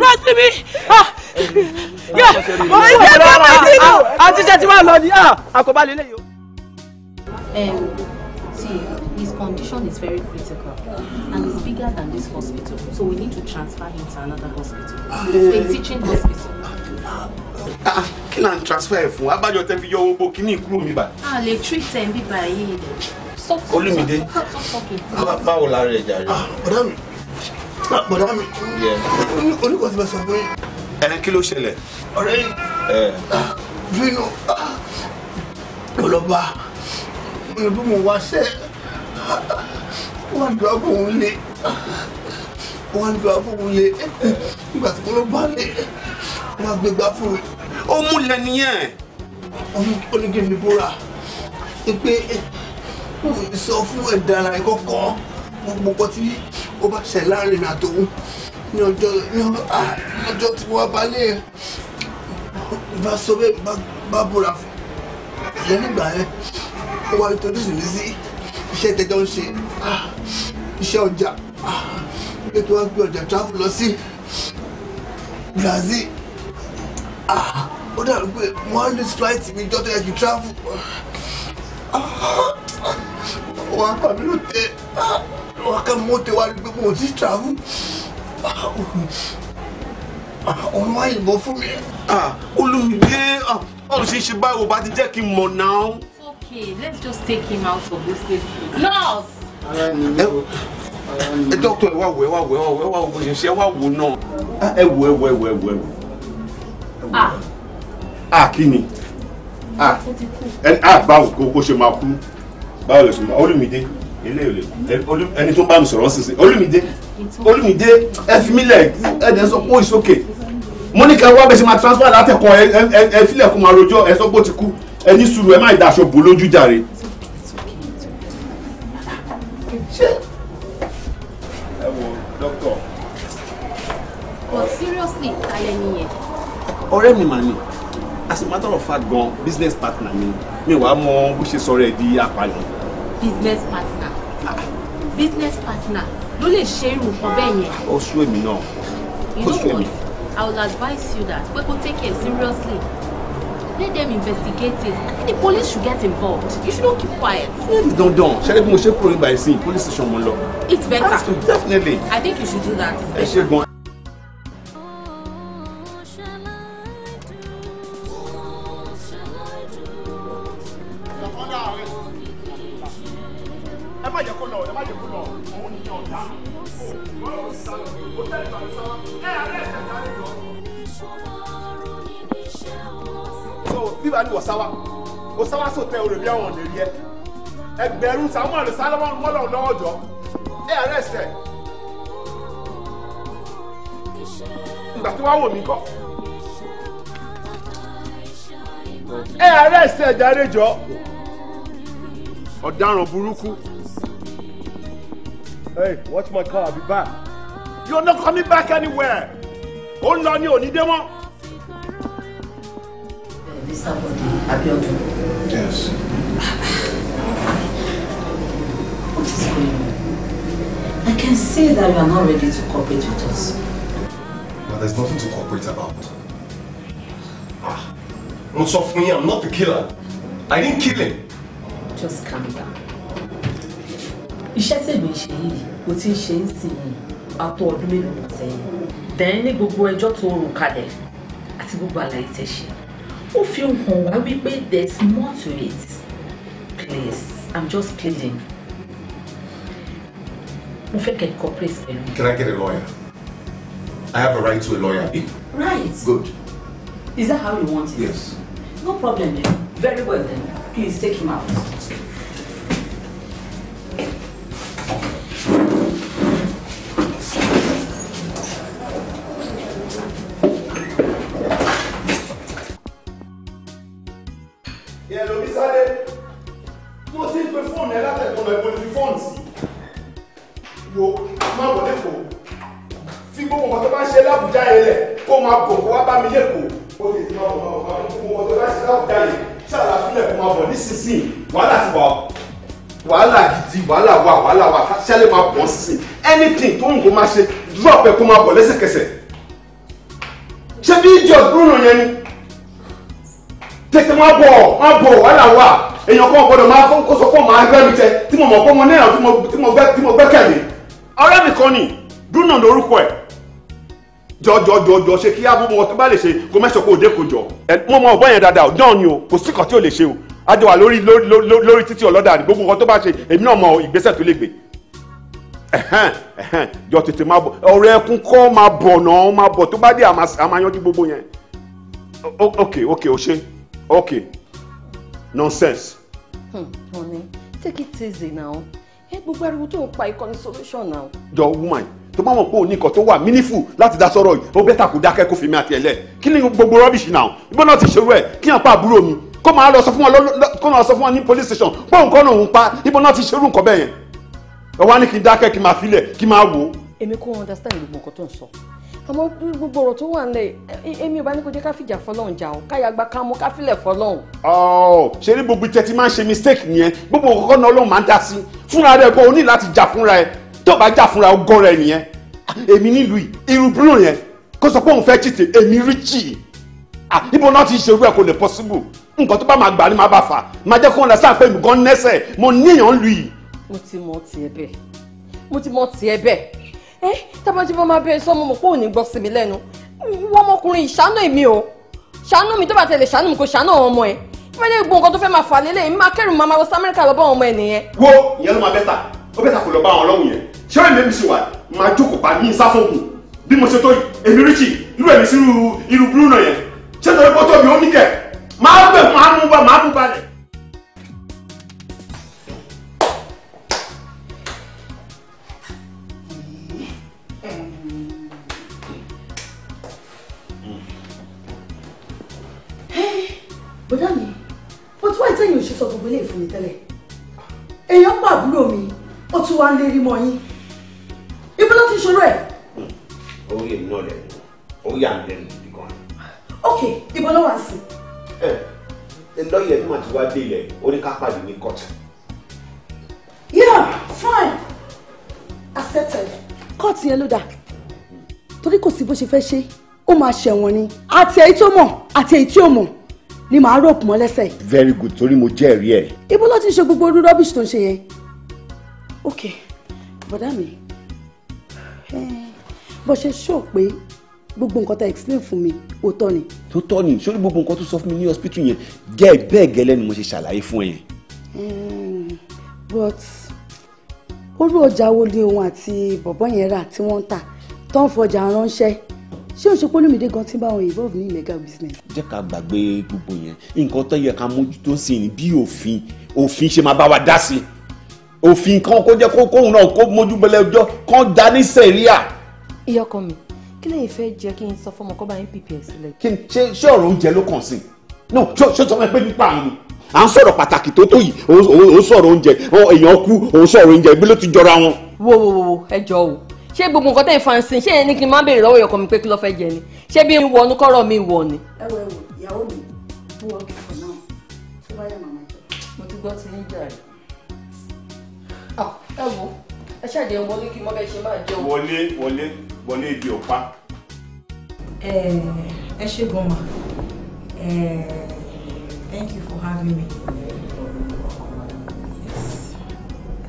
rántí mi yẹ ọmọ ìjẹ́ bá wà nínú. àti iṣẹ́ tí wàá lọ ni àkọ́bá lélẹ́yìí o. ẹ ẹ ti His condition is very critical and it's bigger than this hospital. So we need to transfer him to another hospital. Uh, a teaching hospital. Ah, kí là ń transfer ẹ̀ fún? Abájọ tẹ fi yọ owó bó kíní ìkúrò mi bá. A lè treat ẹ̀ bíbá yìí. Olúmídé, báwo la rẹ̀ jàre? Ah, bọ̀dá mi, ah, bọ̀dá mi, oníkọ̀ọ́ ti bá sọ fún yín. Ẹ̀rẹ̀ kí ló ṣẹlẹ̀? Ọ̀rẹ́ yìí, ah, Bínú, mo lọ bá, mo lọ bí mo wá sẹ́ẹ̀ wọ́n á dùn àbòhùn lé wọ́n á dùn àbòhùn lé ìgbà tí mo lọ bá lé wọ́n á gbégbá fún mi. ó múlẹ̀ nìyẹn. oníkèmí bóra pé sọ fún ẹ̀dá ara ẹ̀ kọ́kọ́ gbogbo nǹkan tí ó bá ṣẹ̀ láàrin àtòun ní ọjọ́ ní ọjọ́ tí wọ́n bá lé bá sọ bẹ́ẹ̀ bá bóra fún ìyẹn nígbà yẹn ó wá nítorí sì ní sí iṣẹ́ tẹjọ́ ń ṣe ah, iṣẹ́ ọjà ah, ilé tó wá gbé ọjà travel lọ sí Brazil ah, ó dàrú pé wọ́n á lé sprite mi jọ́ tó yẹ kí travel wọ́n á pa mí lóde wọ́n á ká mọ́tò wá rí pé mo ò tí travel ọ̀run wá yìnbọn fún mi. olùmíye ọ̀run ṣe ń ṣe báwo bá ti jẹ́ kí n mọ̀ náà let's just take him out of this place nurse. Eh, eh, doctor, where, where, where, where, where, where, ẹ dọ́kítọ̀ where wá wo ẹ wá wo ẹ wá wo ẹ wá wo bó ṣe ṣe ẹ wá wo náà ah, ẹ wo ẹ wo ẹ wo ẹ wo ẹ wo. ah ah kí ni ah ah báwo kó ṣe máa kú báwo lè ṣe máa Olúmídé eléyìí ẹni tó bá mi sọ̀rọ̀ sísè Olúmídé Olúmídé ẹ fi mí lẹ̀ ẹ dẹ̀ sọ pé it's okay Monica wá bẹ́ẹ̀ ṣe máa transfer látẹ̀kọ̀ ẹ ẹ filẹ̀ kó máa rojọ́ ẹ sọ pé ó ti kú ẹ ní ẹ má daṣọ bò lójú jàre. but seriously alẹ́ nìyẹn. ọ̀rẹ́ mi mà ní as a matter of fact gan business partner mi mi wàá mọ bó ṣe sọ̀rọ̀ ẹ di apààyàn. business partner ah, business partner ló lè ṣe irú nǹkan bẹ́ẹ̀ yẹn. ó sú èmi náà ó sú èmi. you know what i will advise you that pé kó take it seriously let them investigate it i think the police should get involved you should not keep quiet. fúnni dandan ṣẹlẹ bí mo ṣe kúrò nígbà ìsìn police station mo lọ. it's better. definitely. i think you should do that. ẹ ṣe gan. Salomon mọ́lọ̀ lọ́wọ́ jọ ẹ arrest ẹ. ìgbà tí wàá wò mí kọ́ ẹ arrest ẹ jàre jọ ọ̀daràn burúkú. Hey, watch my car, I'll be back. You're not coming back anywhere. Ó ń you. ní onídé mọ́. Mr. Abiodun. Yes. say that you are not ready to cooperate with us. But there's nothing to cooperate about. Ah, not so for me, I'm not the killer. I didn't kill him. Just calm down. Iṣẹ́ tèmi ṣe yìí, kò tí ń ṣe ń sìn yìí, àtọ ọdún mélòó kan sẹ́yìn. Dẹ̀rín ní gbogbo ẹjọ́ tó rò kalẹ̀ àti gbogbo àlàyé tẹ̀ ṣe. Ó fi hàn wá there's more to it. Please, I'm just pleading mo fẹ́ kẹ́ cooperate pẹ̀lú. Can I get a lawyer? I have a right to a lawyer. Right. Good. Is that how you want it? Yes. No problem then. Very well then. Please take him out. máa ṣe drop ẹ̀ kó máa bọ̀ lẹ́sẹ̀kẹsẹ̀ ṣé bí idiot bruno yẹn ni tètè máa bọ̀ máa bọ̀ wàhálà wà èèyàn kan gbọ́dọ̀ máa kó sọ fún ọmọ ẹgbẹ́ mi jẹ tí mo mọ̀ pé mo ní ìràn tí mo gbẹ́kẹ̀lé ọ̀rẹ́ mi kan ni bruno lórúkọ ẹ̀ jọjọjọjọ ṣe kí abúmọ tó bá lè ṣe kó mẹsàn kó òde kó jọ. wọn mọ ọgbọ́n yẹn dáadáa ò dán ni o kò sí kan tí ò lè ṣe o a jọ wà lórí lórí títí ọlọ́dà ni gbogbo nǹkan tó bá ṣe èmi náà mọ ìgbésẹ̀ tó lè gbé jọ tètè máa bọ̀ ọ̀rọ̀ ẹkún kọ́ máa bọ̀ náà máa bọ̀ tó bá dé a máa yanjú gbogbo yẹn ok ok o ṣe ok nonsense. Hmm, honey take it easy now ẹ gbogbo ariwo tó ń pa ikọ́ ní solution now. jọ woman tó bá mọ̀ pé òní nǹkan tó wà meaningful láti dá sọ́rọ̀ yìí ó bẹ́tà kó dákẹ́ kó fi mi àti ẹ̀ lẹ̀ kí ni gbogbo rubbish now ìbọn náà ti ṣerú ẹ̀ kí àpá àbúrò mi kó máa lọ sọ fún wọn ní police station pé òun kọ́ lòun pa ìbọn náà ti ṣerú nǹkan bẹ́ẹ̀ yẹn ẹ wá ní kí n dákẹ́ kí n máa filẹ̀ kí n máa wò. èmi kò understand gbogbo nǹkan tó ń sọ àmọ́ gbogbo ọ̀rọ̀ tó wà nílẹ̀ èmi ò bá ní kó jẹ́ ká fìjà fọlọ́run jà o káyà gba ká mú ká filẹ̀ fọlọ́run. ọ oh, ṣe ní gbogbo tẹ́tí máa ń ṣe mistake nìyẹn gbogbo kọ́kọ́ náà ọlọ́run máa ń dá sí fúnra rẹ kó o ní láti jà fúnra ẹ tó bá jà fúnra ọgọ́ rẹ nìyẹn èmi nílùú yìí irú Bruno yẹn kó sọ pé òun fẹ́ chìtì èmi rí chì ibo náà ti ṣe irú ẹ kò lè possible nǹkan tó bá máa gbà ní máa bá fà máa jẹ́ kó wọn lọ sáà pé mi nẹ́sẹ̀ mo níyàn lù yìí mo ti mọ tiẹ̀ bẹ́ẹ̀ mo ti mọ tiẹ̀ bẹ́ẹ̀ ẹ tábàjẹ́ bá máa bẹ́ẹ̀ sọ mo mọ̀ pé òní gbọ́ sí mi lẹ́nu wọ́n ọmọkùnrin ìṣàánú èmi o ṣàánú mi tó bá tẹ̀lé ṣàánú mi kò ṣàánú àwọn ọmọ ẹ̀ ìfẹ́lẹ́ gbogbo nǹkan tó fẹ́ máa fà lélẹ̀ yìí máa kẹ́rù máa máa lọ sí amẹ́ríkà lọ bá àwọn ọmọ ẹ̀ nìyẹn. wo ìyẹn ló máa bẹ́tà ó bẹ́tà kò lọ bá àwọn ọlọ́run yẹn ṣé èmi mi ṣe wà máa jókòó pa ní ìsáfòkù bí mo ṣe tó èmi ríchì irú èmi sí irú irú búrúnà yẹn ṣé torí pọ́tọ́ mi ó ní kẹ̀ máa bẹ̀ máa mú balẹ̀. fún mi tẹ́lẹ̀ èèyàn pàbúrò mi ó tún wá ń lérí mọ́ yín ibi ló ti ṣòro ẹ̀. orí èmi náà lẹ́nu orí à ń lẹ́nu ibi kan. ok ibo ló wà sí. ẹ lọ́ọ̀yì ẹ̀dùn àti wá dé ilẹ̀ oníkápàdé ní court. yeah fine accepted. court yẹn ló dà torí kò sí bó ṣe fẹ́ ṣe ó máa ṣẹ̀wọ̀n ni àti èyí tó mọ̀ àti èyí tí ò mọ̀ ni màá rò pọ̀ lẹ́sẹ̀. very good torí mo jẹ́rìí ẹ̀. ibo ló ti ṣe gbogbo orú rubbish tó ń ṣe yẹn. ok bọ̀dá mi bó ṣe ṣó pé gbogbo nǹkan tá explain fún mi ó tọ́ ni. tó tọ́ ni sórí gbogbo nǹkan tó sọ fún mi ní hospital yẹn jẹ́ bẹ́ẹ̀ gẹ́lẹ́ ni mo ṣe ṣàlàyé fún ẹ yẹn. but orú ọjà wo ni òun àti bọ̀bọ́ yẹn rà tí wọ́n ń tà tó ń fọjà ránṣẹ́ ṣé o ṣe pé olómìnira gan ti bá wọn involve ní illegal business. jẹ́ ká gbàgbé gbogbo yẹn nǹkan tó yẹ ká mójútó sí ni bí òfin òfin ṣe máa bá wa dá sí òfin kan kó jẹ́ kókóhùn náà kó mójú bẹ̀lẹ̀ ọjọ́ kan dá ní sẹ̀ríà. ìyọkọ mi kí lè fẹ́ jẹ́ kí n sọ fọmọ kọ́ bá yín pípẹ́ sílẹ̀. kí ni ṣé ṣé ọ̀rọ̀ oúnjẹ ló kàn sí no ṣé ṣé sọ fẹ́ pé nípa àwọn ni à ń sọ̀rọ̀ pàtàkì tó tó yìí òun sọ̀rọ̀ oúnjẹ èèyàn kú òun sọ̀rọ̀ oúnjẹ ìgbélé ti jọra wọn. wo wo wo ẹjọ o ṣé gbogbo nǹkan tẹ̀ ń fansi ṣé ẹni kí n má béèrè lọ́wọ́ ìyọkọ mi pé kí ló fẹ́ jẹ ni ṣé bí n wọnú kọ́rọ̀ mi wọ̀ ni. ẹ wo ìyàwó mi bú ọkẹ fọ náà tó bá yà màmá jẹ. mo ti gbọ́ ti ní ìjà ẹ wo ẹ ṣàdé wọlé kí mọ́bẹ́ ṣe máa jẹun. wọlé wọlé wọlé ibi ọ̀pá. ẹ ẹ ṣe gọ́mà ẹ thank you for having me. Yes.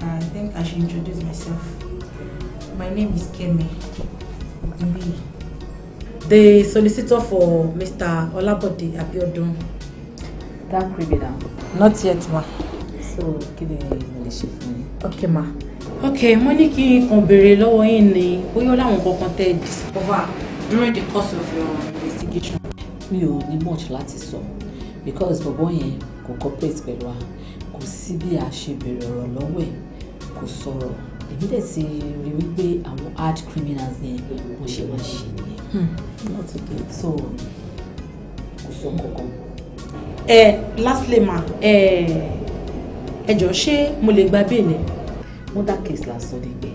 I think I should introduce myself. My name is Kemi Ogunbiyi. The solicitor for Mr. Olabode Abiodun. That criminal. Not yet, ma. So, give me the lè ṣe fún Okay, ma. Okay, mo ní kí n kàn béèrè lọ́wọ́ yín contact bóyá discover during the course of your investigation. We will need much láti sọ because bọ̀bọ̀ yẹn kò cooperate with wa kò sí bí a ṣe béèrè ọ̀rọ̀ lọ́wọ́ ẹ̀ kò sọ̀rọ̀ èmi dẹ̀ ti rí wípé àwọn hard criminals ni wọ́n ṣe máa ṣe nìyẹn. not hmm. okay so kò sọ kankan. ẹ lastly ma ẹ ẹ jọ ṣé mo lè gba béèlè. murder case la sọ de gbẹ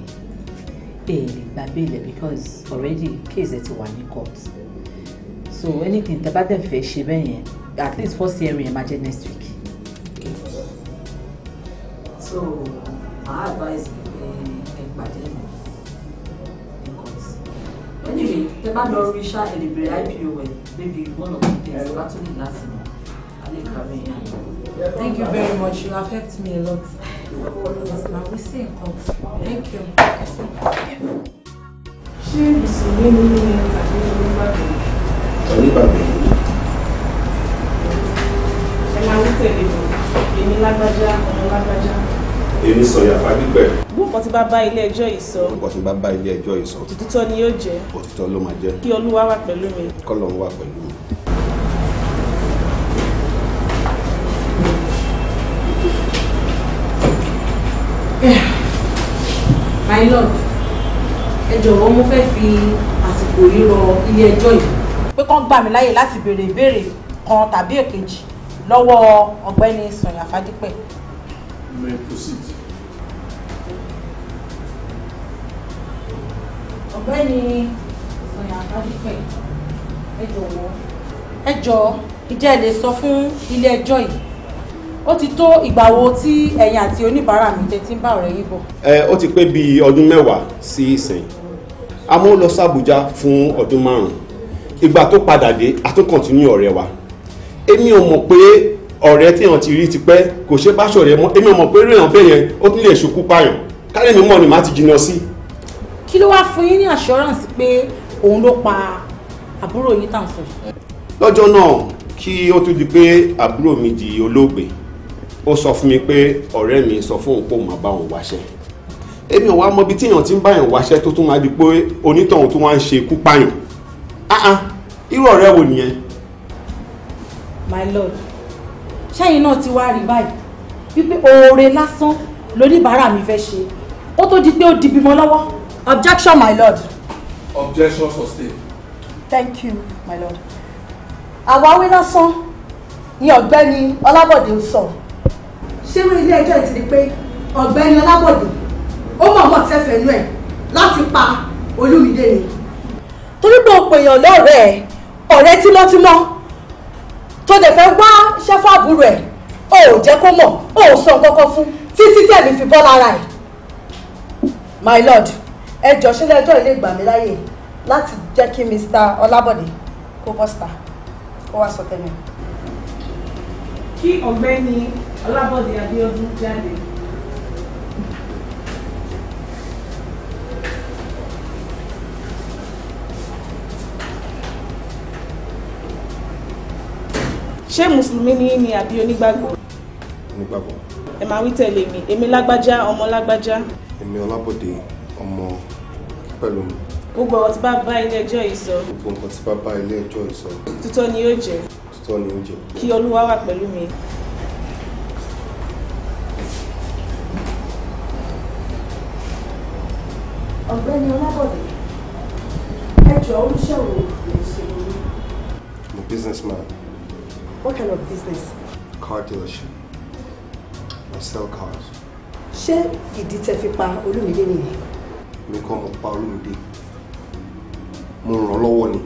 ẹ lè gba béèlè because already case ẹ ti wà ní court so anything tẹ bá dẹ̀ fẹ́ ṣe bẹ́ẹ̀ yẹn at least first hearing ẹ máa jẹ́ next week. so my advice anyway the man lọ rí ṣá ẹ lè bèrè ipo ẹ maybe one of the things bá only last láti thank you very much you have helped me a lot. Now we sí nǹkan thank you. ṣé mùsùlùmí ni ẹ tàbí onígbàgbọ́? onígbàgbọ́. ẹ máa ń tẹ̀lé èmi lágbájá ọmọ lágbájá èmi sọ yàfa gbígbẹ. nǹkan tí bá bá ilé ẹjọ́ yìí sọ. nǹkan tí bá bá ilé ẹjọ́ yìí sọ. òtítọ́ ni yóò jẹ́. òtítọ́ ló máa jẹ́. kí olúwa wà pẹ̀lú mi. kọ́lọ́run wà pẹ̀lú mi. my lord ẹ jọ̀wọ́ mo fẹ́ fi àsìkò yìí rọ ilé ẹjọ́ yìí. pé kán gbà mí láàyè láti béèrè ìbéèrè kan tàbí èkejì lọ́wọ́ ọ̀gbẹ́ni sọ̀yà fádípẹ̀ You may proceed. Ọ̀gbẹ́ni Sọ̀yà Adúpẹ́, ẹ jọ̀wọ́. Ẹ jọ̀ọ́, ìjẹ́ ẹ lè sọ fún ilé ẹjọ́ yìí. Ó ti tó ìgbà wo tí ẹ̀yin àti oníbàárà mi tẹ ti ń bá ọ̀rẹ́ yìí bọ̀? Ẹ ó ti pé bíi ọdún mẹ́wàá sí ìsìn. A mú lọ sí Àbújá fún ọdún márùn-ún. Ìgbà tó padà dé, a tún kọ̀ntínú ọ̀rẹ́ wa. Èmi ò mọ̀ pé ọ̀rẹ́ tí èèyàn ti rí tipẹ́ kò ṣe bá ṣọ̀rẹ́ mọ́ èmi mọ̀ pé rèèyàn bẹ́ẹ̀ yẹn ó tún lè ṣokú pààyàn kálẹ̀ mi mọ̀ ni màá ti jìnnà sí. kí ló wáá fún yín ní assurance pé òun ló pa àbúrò yín tàn sọ. lọ́jọ́ náà kí ó tún di pé àbúrò mi di olóògbé ó sọ fún mi pé ọ̀rẹ́ mi sọ fún òun pé òun máa bá òun wáṣẹ́ èmi ò wá mọ ibi tí èèyàn ti ń bá èèyàn wáṣẹ́ tó tún máa di pé onítọ̀hún tó wá ń ṣe ikú pààyàn ah, ah, irú ọ̀rẹ́ wo nìyẹn. my lord ṣẹ́yìn náà ti wá rí báyìí wípé oore lásán lóníbàárà mi fẹ́ ṣe ó tó di pé ó di bímọ lọ́wọ́. objection my lord. objection sustained. thank you my lord. àwáwí lásán ni ọ̀gbẹ́ni ọlábọ̀dé ń sọ. ṣé wọ́n ilé ẹjọ́ ìtìrí pé ọ̀gbẹ́ni ọlábọ̀dé ó mọ̀ọ́mọ̀ tẹ́fẹ̀ẹ́nú ẹ̀ láti pa olúmídé ni. torí pé ọ̀pọ̀ èèyàn lọ́rẹ̀ẹ́ ọ̀rẹ́ tímọ́tímọ́ tó dẹ̀ fẹ́ wá ṣẹ́fàbù rẹ̀ o ò jẹ́ kó mọ̀ ò sọ kankan fún títí tí ẹ̀mí fi bọ́ lára ẹ̀. my lord ẹ jọ sílẹ̀ ẹjọ́ ilé ìgbà mi láyè láti jẹ́ kí mr ọlábọ̀dé kó bọ́sítà kó wá sọ tẹ́lẹ̀. kí ọ̀gbẹ́ni ọlábọ̀dé abíọ́dún jáde ṣé mùsùlùmí ni yín ni àbí onígbàgbọ́. onígbàgbọ́. ẹ máa wí tẹ̀lé mi èmi lágbájá ọmọ lágbájá. èmi ọlábọ̀dé ọmọ pẹ̀lú mi. gbogbo ọ̀rọ̀ tí bá bá ilé ẹjọ́ yìí sọ. gbogbo nǹkan tí bá bá ilé ẹjọ́ yìí sọ. tutọ́ ni yóò jẹ́. tutọ́ ni yóò jẹ́. kí olúwa wà pẹ̀lú mi. ọ̀gbẹ́ni ọlábọ̀dé ẹjọ́ olùṣèwò lè ṣe I'm a businessman. What kind of business? Car dealership. I sell cars. Ṣé ìdí tẹ fi pa Olúmídé nìyẹn? Mi kọ́ mo pa Olúmídé. Mo ràn án lọ́wọ́ ni.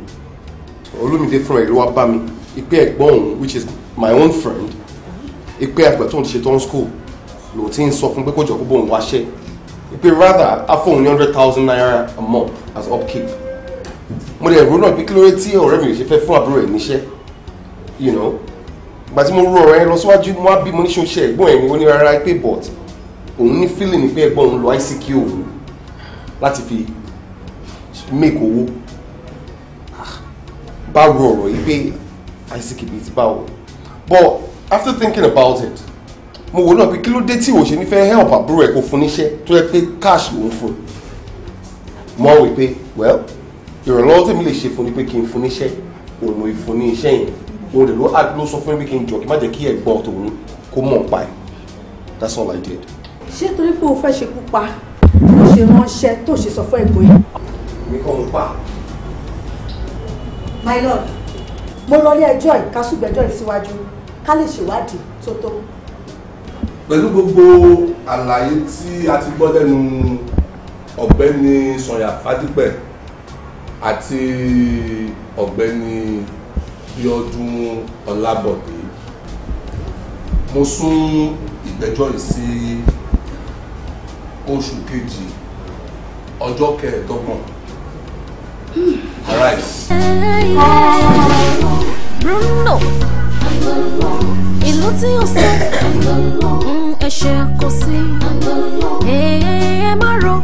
Olúmídé fúnra ìlú wa bá mi. Ìpè ẹ̀gbọ́n òun which is my own friend. Ìpè àgbà tó ń ṣe tán school. Lòun ti ń sọ fún pé kó jọ kó bóun wáṣẹ́. Ìpè rather á fóun ní hundred thousand naira a month as upkeep. Mo dẹ̀ rò náà pé kí ló dé tí ọ̀rẹ́ mi ò ṣe fẹ́ fún àbúrò ẹ̀ níṣẹ́. You know? ìgbà tí mo rú ọ̀rọ̀ yẹn lọ síwájú mo wá bí mo ní ṣe oṣù ẹ̀gbọ́n ẹ̀ ni rárá pé but òun ní feeling ni pé ẹ̀gbọ́n òun lọ ICQ òun láti fi make owó ah, bá rú ọ̀rọ̀ yìí pé ICQ bíi ti báwo but after thinking about it mo wò náà pé kí ló dé tí òṣèlú fẹ́ help àbúrò ẹ̀ kó fún níṣẹ́ tó yẹ pé cash ló ń fún mo wò pé well ìrànlọ́wọ́ tèmi lè ṣe fún ni pé kí n fún níṣẹ́ òun ìfún ní iṣẹ́ yẹn o lè ló sọ fún mi kí n jọ kí n má jẹ́ kí ẹ̀gbọ́n tòun kó mọ̀ pa ẹ̀ that's all I did. ṣé torí pé o fẹ́ ṣe pupa o ṣe ránṣẹ́ tó ṣe sọ fún ẹ̀gbọ́n yìí. mi kọ́ mo pa. my lord mo lọ ilé ẹjọ́ yìí ká ṣùgbẹ́jọ́ yìí ká lè ṣèwádìí tó tó. pẹ̀lú gbogbo àlàyé tí a ti gbọ́ lẹ́nu ọ̀gbẹ́ni sọ̀yà fádípẹ̀ àti ọ̀gbẹ́ni Abíọ́dún Ọlábọ̀dé mo sún ìgbẹ́jọ́ yìí sí oṣù kejì ọjọ́ kẹẹ̀ẹ́dọ́gbọ̀n Bruno ìlú tí ó sọ mm, ẹ̀ṣẹ̀ kò sí ẹ má ro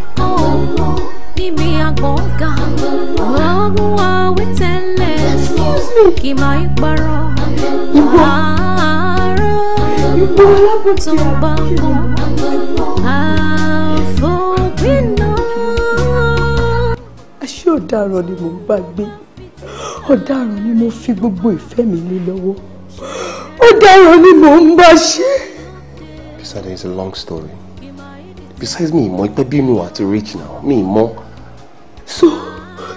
níbi àgbọ̀ǹga ọ̀gùn àwẹ̀ tẹ́lẹ̀ kì máa ń parọ́ ààrẹ tó bá kọ́ àfọ̀bínà. àṣé ọ̀daràn ni mò ń bá gbé ọ̀daràn ni mo fi gbogbo ìfẹ́ mi lé lọ́wọ́ ọ̀daràn ni mò ń bá ṣe. This is a long story besides me, mi ìmọ̀ ẹgbẹ́ bínú to reach now mi ìmọ̀. so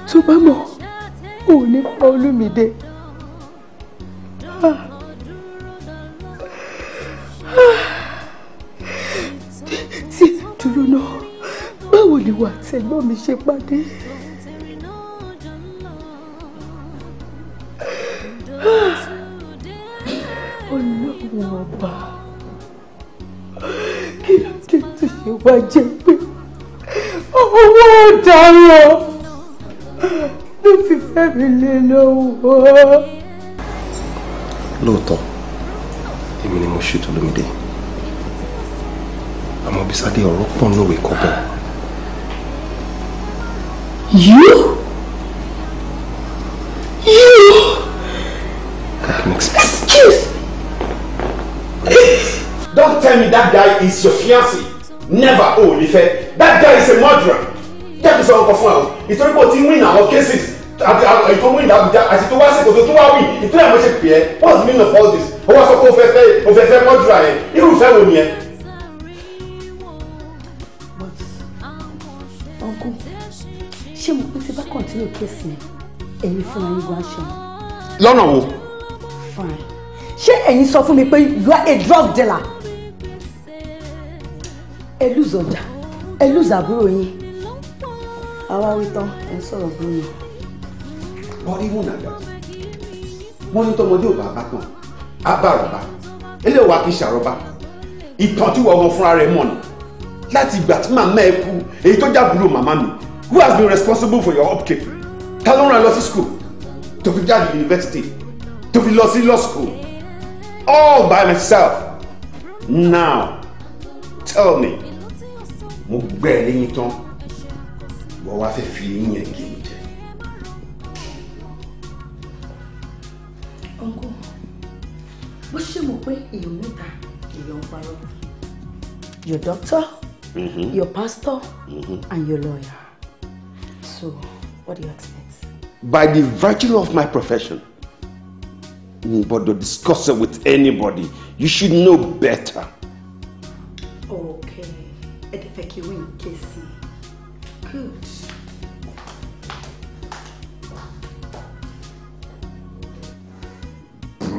tó bá mọ̀ ò ní pa olúmídé. Ah. Ah. dúró náà báwo ni wà tẹ̀gbọ́n mi ṣe pàdé. bá jẹ́ pé owó ọ̀daràn ló ti fẹ́ mi lé lọ́wọ́. lóòótọ́ èmi ni mo ṣètò lómìnira àmọ́ bisade ọ̀rọ̀ pọ̀ lówe kọ̀ọ̀kan. you you excuse. don't tell me that guy is your fiancé never o ò lè that guy is a murderer jẹ́ kí sọ ọkọ̀ fún àwọn ìtorí pé o ti win àwọn cases ètò win Abuja àti tó wá sí kòtò tó wá win ìtorí àwọn ṣe pè é what's the meaning of all this ó wá sọ pé o fẹ́ fẹ́ o fẹ́ fẹ́ murderer yẹn eh? irúfẹ́ wo nìyẹn. ọgùn ṣé mo pín sí bá kọ̀ǹtínú kéèsì yẹn ẹ̀yin fúnra yín wá ṣe. lọ́nà wo. fine ṣé ẹ̀yin sọ fún mi pé you are a drug dealer ẹ lùzọ ọjà ẹ lùzọ àbúrò yín àwa wí tán ẹ sọ̀rọ̀ bú mi. wọ́n rí mùnà dá wọ́n ní tọmọdé ò bá bá tán á bá rọ̀bá eléyìí wà kí ṣàrọ̀bá ìtàn tí wọ́n wọ́n fúnra rẹ̀ mọ̀ ni láti ìgbà tí màmá ẹ kú èyí tó jábùrò màmá mi who has been responsible for your upkeep ta ló ń ra lọ sí school tó fi jáde university tó fi lọ sí law school all by myself now tell me mo gbẹ́ ẹ lẹ́yìn tán wọ́n wá fẹ́ fi eyín yẹn gé mi jẹ. ọ̀nkọ́ bó ṣe mọ̀ pé èèyàn mẹ́ta èèyàn ń your doctor mm-hmm. your pastor mm-hmm. and your lawyer so what do you expect. by the virtue of my profession you gbọ́dọ̀ discuss it with anybody you should know better.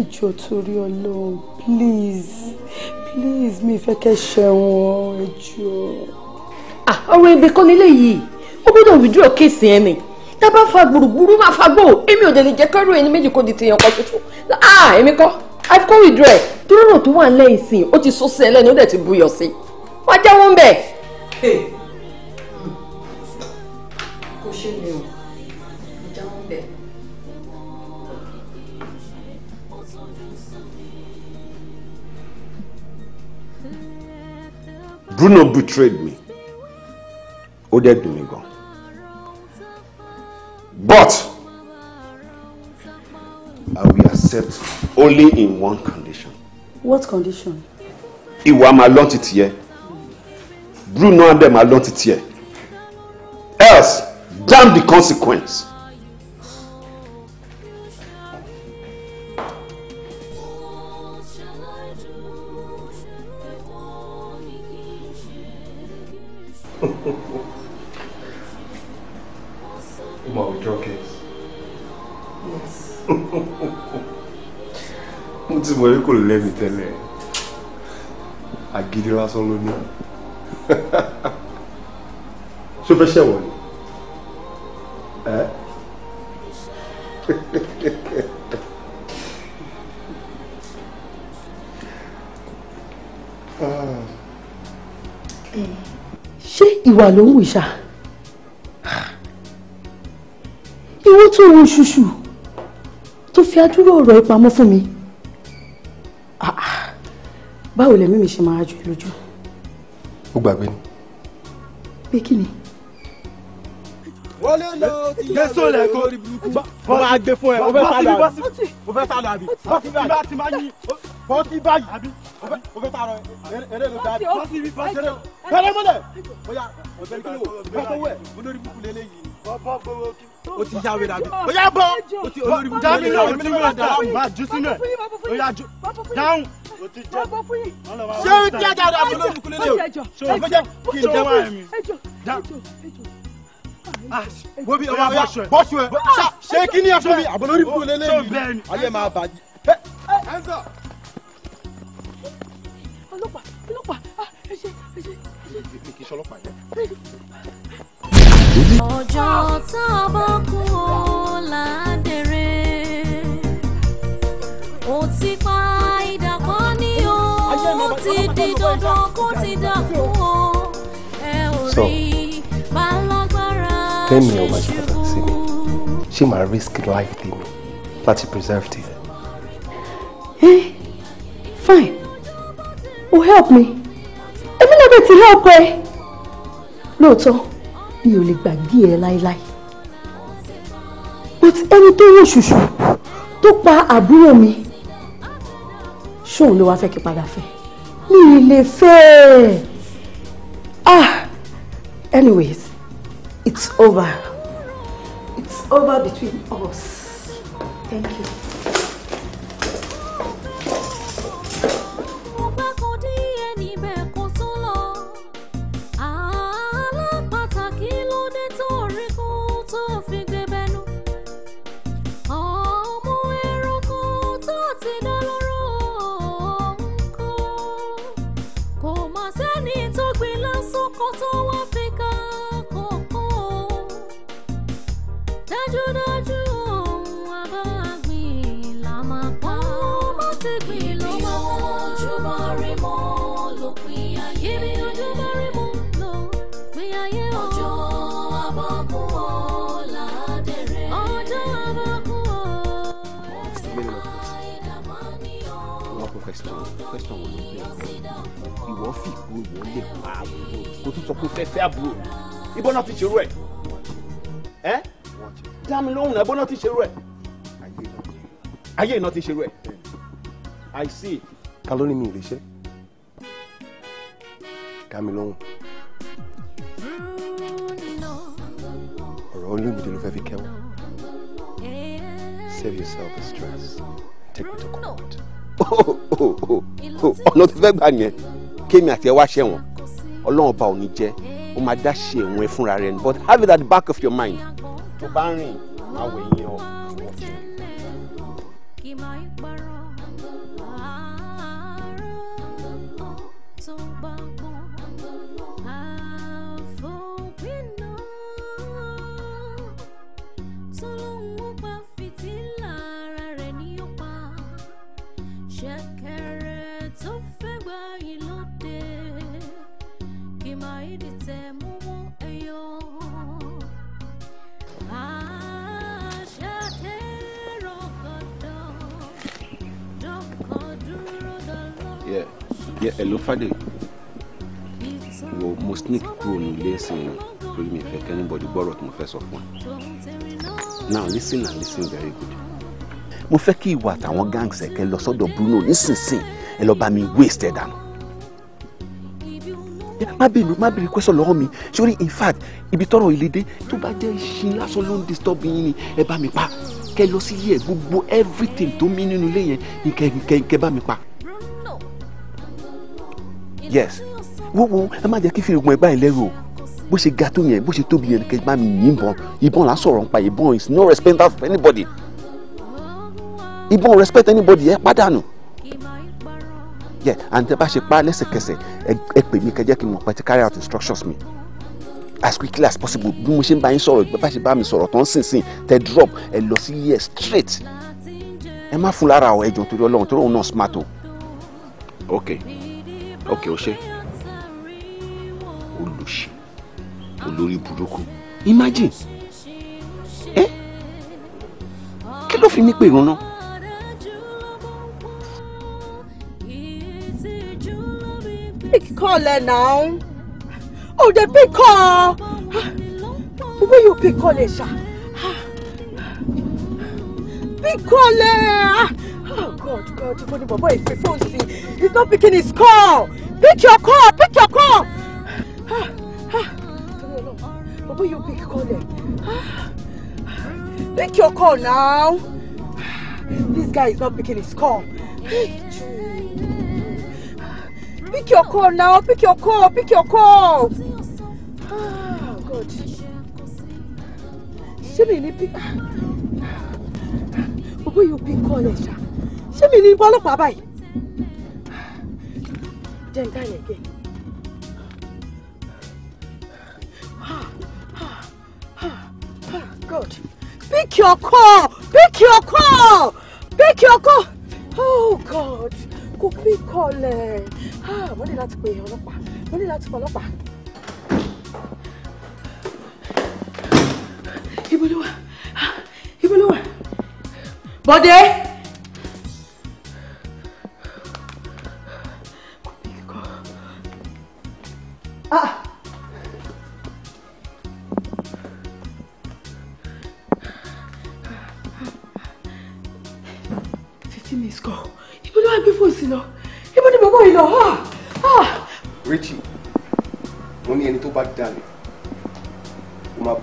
ẹjọ́ torí ọlọ́run please please mi fẹ́ kẹ́ ṣẹ̀wọ̀n ẹjọ́. Ah, ọ̀rọ̀ ibi kan nílé yìí ó gbọ́dọ̀ withdraw kéèsì ẹ̀ nì tá a bá fa gbùrùgbùrù máa fa gbò èmi ò dé lè jẹ́ kẹ́rù ẹni méjì kó di tèèyàn kan tuntun ah èmi kọ́ i've come with ẹ̀ torí ọ̀nà tó wà ń lẹ́yìn sí i ó ti sọ sí ẹ lẹ́nu ó dẹ̀ ti buyọ̀ sí i wọ́n jẹ́wọ́ ń bẹ̀. Bruno betrayed me ó dẹ̀ but I will accept only in one condition. What condition? ìwà máa lọ́n it here, Bruno and them are lọ́n it here. else damn the consequence. <laughs> mo ti mọ̀ pé kò lẹ́mi tẹ́lẹ̀ àgídí lásán ló ní <laughs> ṣó fẹ́ ṣẹ̀wọ̀n ni ẹ́ ṣé ìwà ló ń wù ṣá tó ń wù ṣùṣù tún fi adúrò ọ̀rọ̀ ìpamọ́ fún mi báwo lẹ̀mí mi ṣe máa jù lójú. ó gbàgbé ni. pé kí ni. Jésù lẹ kó mo máa gbé fún ẹ o fẹ́ sálọ àbí o fẹ́ sálọ àbí bọ́sì bá ti máa yí bọ́sì báyìí àbí o fẹ́ sálọ eré ló dáa bọ́sì bí bọ́sì eré fẹ́rẹ́ mọ́lẹ̀ bóyá ọ̀sẹ̀ kí ló fẹ́ fọwọ́ ẹ̀ olórí búkú lélẹ́yìí o ti yáwé dàbí o yà bọ o ti olórí bọ dábì náà o ti wọ dáhùn bá jù sínú ẹ o yà jù dáhùn o ti jẹ ṣé o jẹ dáadáa àbúrò lórí kúlẹ̀ lé o ṣé o fẹ́ kí n jẹ wá ẹ̀mí ah, ah, wo bi ọba bọ bọsu ẹ ṣé ah, kí ni ẹ fún mi àbúrò lórí kúlẹ̀ lé mi ayé máa bàjẹ́. ọlọ́pàá ọlọ́pàá ẹ ṣe ẹ ṣe ẹ ṣe. kì í ṣe ọlọ́pàá yẹn ọjọ́ tá a bá kú ó ládẹ̀rẹ̀ ó ti pa ìdàpọ̀ ní o ti di dandan kó ti dàkú o ẹ ò rí balagbara ṣe ṣubú. ṣé màá risk life tèmi láti preserve tèmi. ẹ fine o help me èmi náà bẹ ti help ẹ lóòótọ́ mi ò lè gbàgbé ẹ láéláé but ẹni tó wò ṣùṣù tó pa àbúrò mi ṣóun ló wá fẹ́ kí padà fẹ́ mi ì lè fẹ́ ah anyways it's over it's over between us thank you. kan pẹ́sàn wo ló fẹ́ ìwọ fi ìkúrò wọn lè pa àbúrò kó tún sọ pé fẹ́fẹ́ àbúrò mi náà ti ṣerú ẹ̀ ẹ́ dá lóhùn náà ibo náà ti ṣerú ẹ̀ ayé iná ti ṣerú ẹ̀ i see. ló ní mi ìrìṣẹ́ dá lóhùn ọ̀rọ̀ olóògbé ló fẹ́ fi kẹ́wọ́ save yourself the stress take me to court. <laughs> ọ̀nà tó fẹ́ gbà nìyẹn kémi àti ẹ wá ṣẹ̀wọ̀n ọlọ́run ọba ò ní jẹ́ ó máa dá ṣe ẹ̀wọ̀n ẹ fúnra rẹ ni but have it at the back of your mind tó bá ń rìn máa wẹ̀ yín ọ àwọn ọ̀sẹ̀. yẹ ẹ ló fàdé wo mo sneak kúrò nílé ẹsìn mi torí anybody gbọ́rọ̀ tí mo fẹ́ sọ now listen and listen very good mo fẹ́ kí ìwà àtàwọn gangs ẹ̀kẹ́ lọ sọ́dọ̀ Bruno nísinsìnyí ẹ lọ́ọ́ bá mi waste ẹ̀ dànù má bèrè má bèrè question lọ́wọ́ mi sórí in fact ibi tọ́rọ̀ ilé dé tó bá jẹ́ ìṣin lásán ló ń disturb yín ni ẹ bá mi pa kẹ́ lọ sí ilé gbogbo everything tó mí nínú ilé yẹn kẹ́ kẹ́ kẹ́ bá mi pa yes wo wo ẹ má jẹ́ kí fi ogun ẹ báyìí lẹ́rù o bó ṣe ga tó yẹn bó ṣe tóbi yẹn kẹ bá mi yìnbọn ìbọn là sọ̀rọ̀ nípa ìbọn is no respect of anybody ìbọn respect anybody ẹ pàdánù yẹ and tẹ bá ṣe pa lẹ́sẹ̀kẹsẹ̀ ẹ pè mí kẹjẹ kí n mọ̀ pé ti carry out instructions mi as quickly as possible bí mo ṣe ń bá yín sọ̀rọ̀ ìgbẹ́ bá ṣe bá mi sọ̀rọ̀ tán sínsìn tẹ drop ẹ lọ sí yẹ straight ẹ má fún lára ọ ẹjọ́ torí Ọlọ́run torí òun náà smart o. okay ok ọṣẹ olùṣe olórí burúkú imagine ẹ eh? kí ló fi mí pè rán náà. pick call ẹ náà o oh, dey pick call the you pick call ẹ ṣá pick call ẹ. Oh God, God, what the boy is refusing. He's not picking his call. Pick your call, pick your call. Ah, ah. Baba, you pick call then. Ah, pick your call now. This guy is not picking his call. Pick your call now. Pick your call. Pick your call. Oh, God. Shouldn't he pick? Baba, you pick call, Esha ṣé mi ní bọ́ ọlọ́pàá báyìí. jẹ́ ń dá yẹn God, pick your call, pick your call, pick your call. Oh God, kò pick call ẹ̀. Wọ́n ní láti pe ọlọ́pàá, wọ́n ní láti pe ọlọ́pàá. Ibo ló wà? Ibo ló wà? Bọ́dé.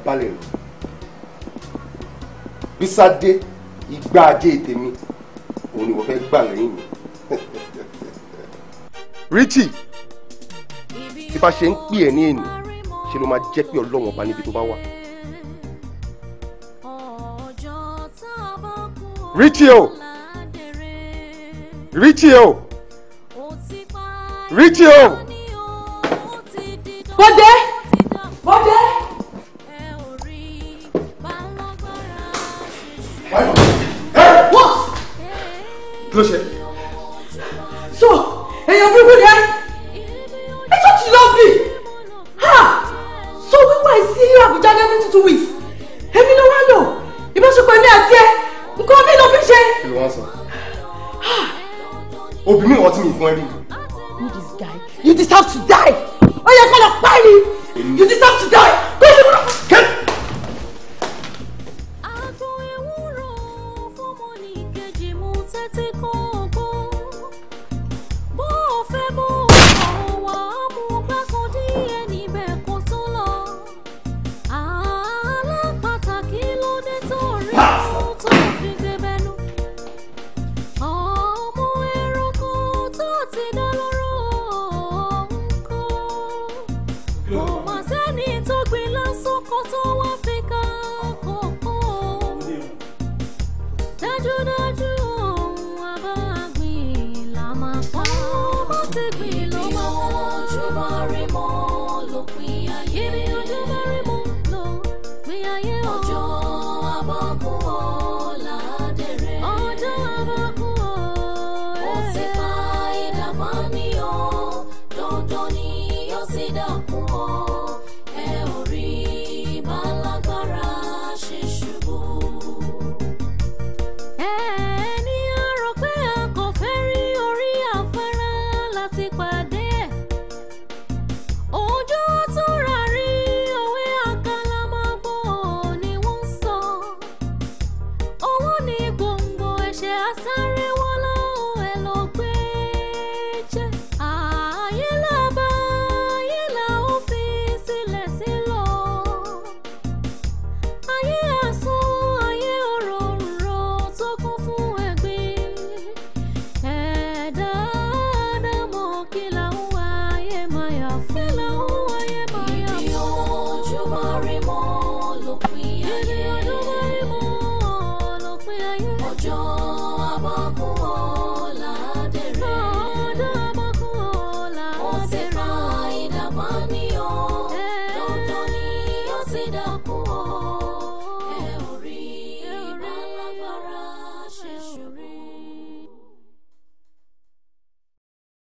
balẹ̀ rò bísádé igbá ajé tèmi òun ni wọ́n fẹ́ gbà lẹ́yìn mi. <laughs> Richie bí bá ṣe ń pè ẹ́ ní ènì ṣe ló máa jẹ́ pé ọlọ́wọ́n bá níbi tó bá wà. Richie o Richie o Richie o.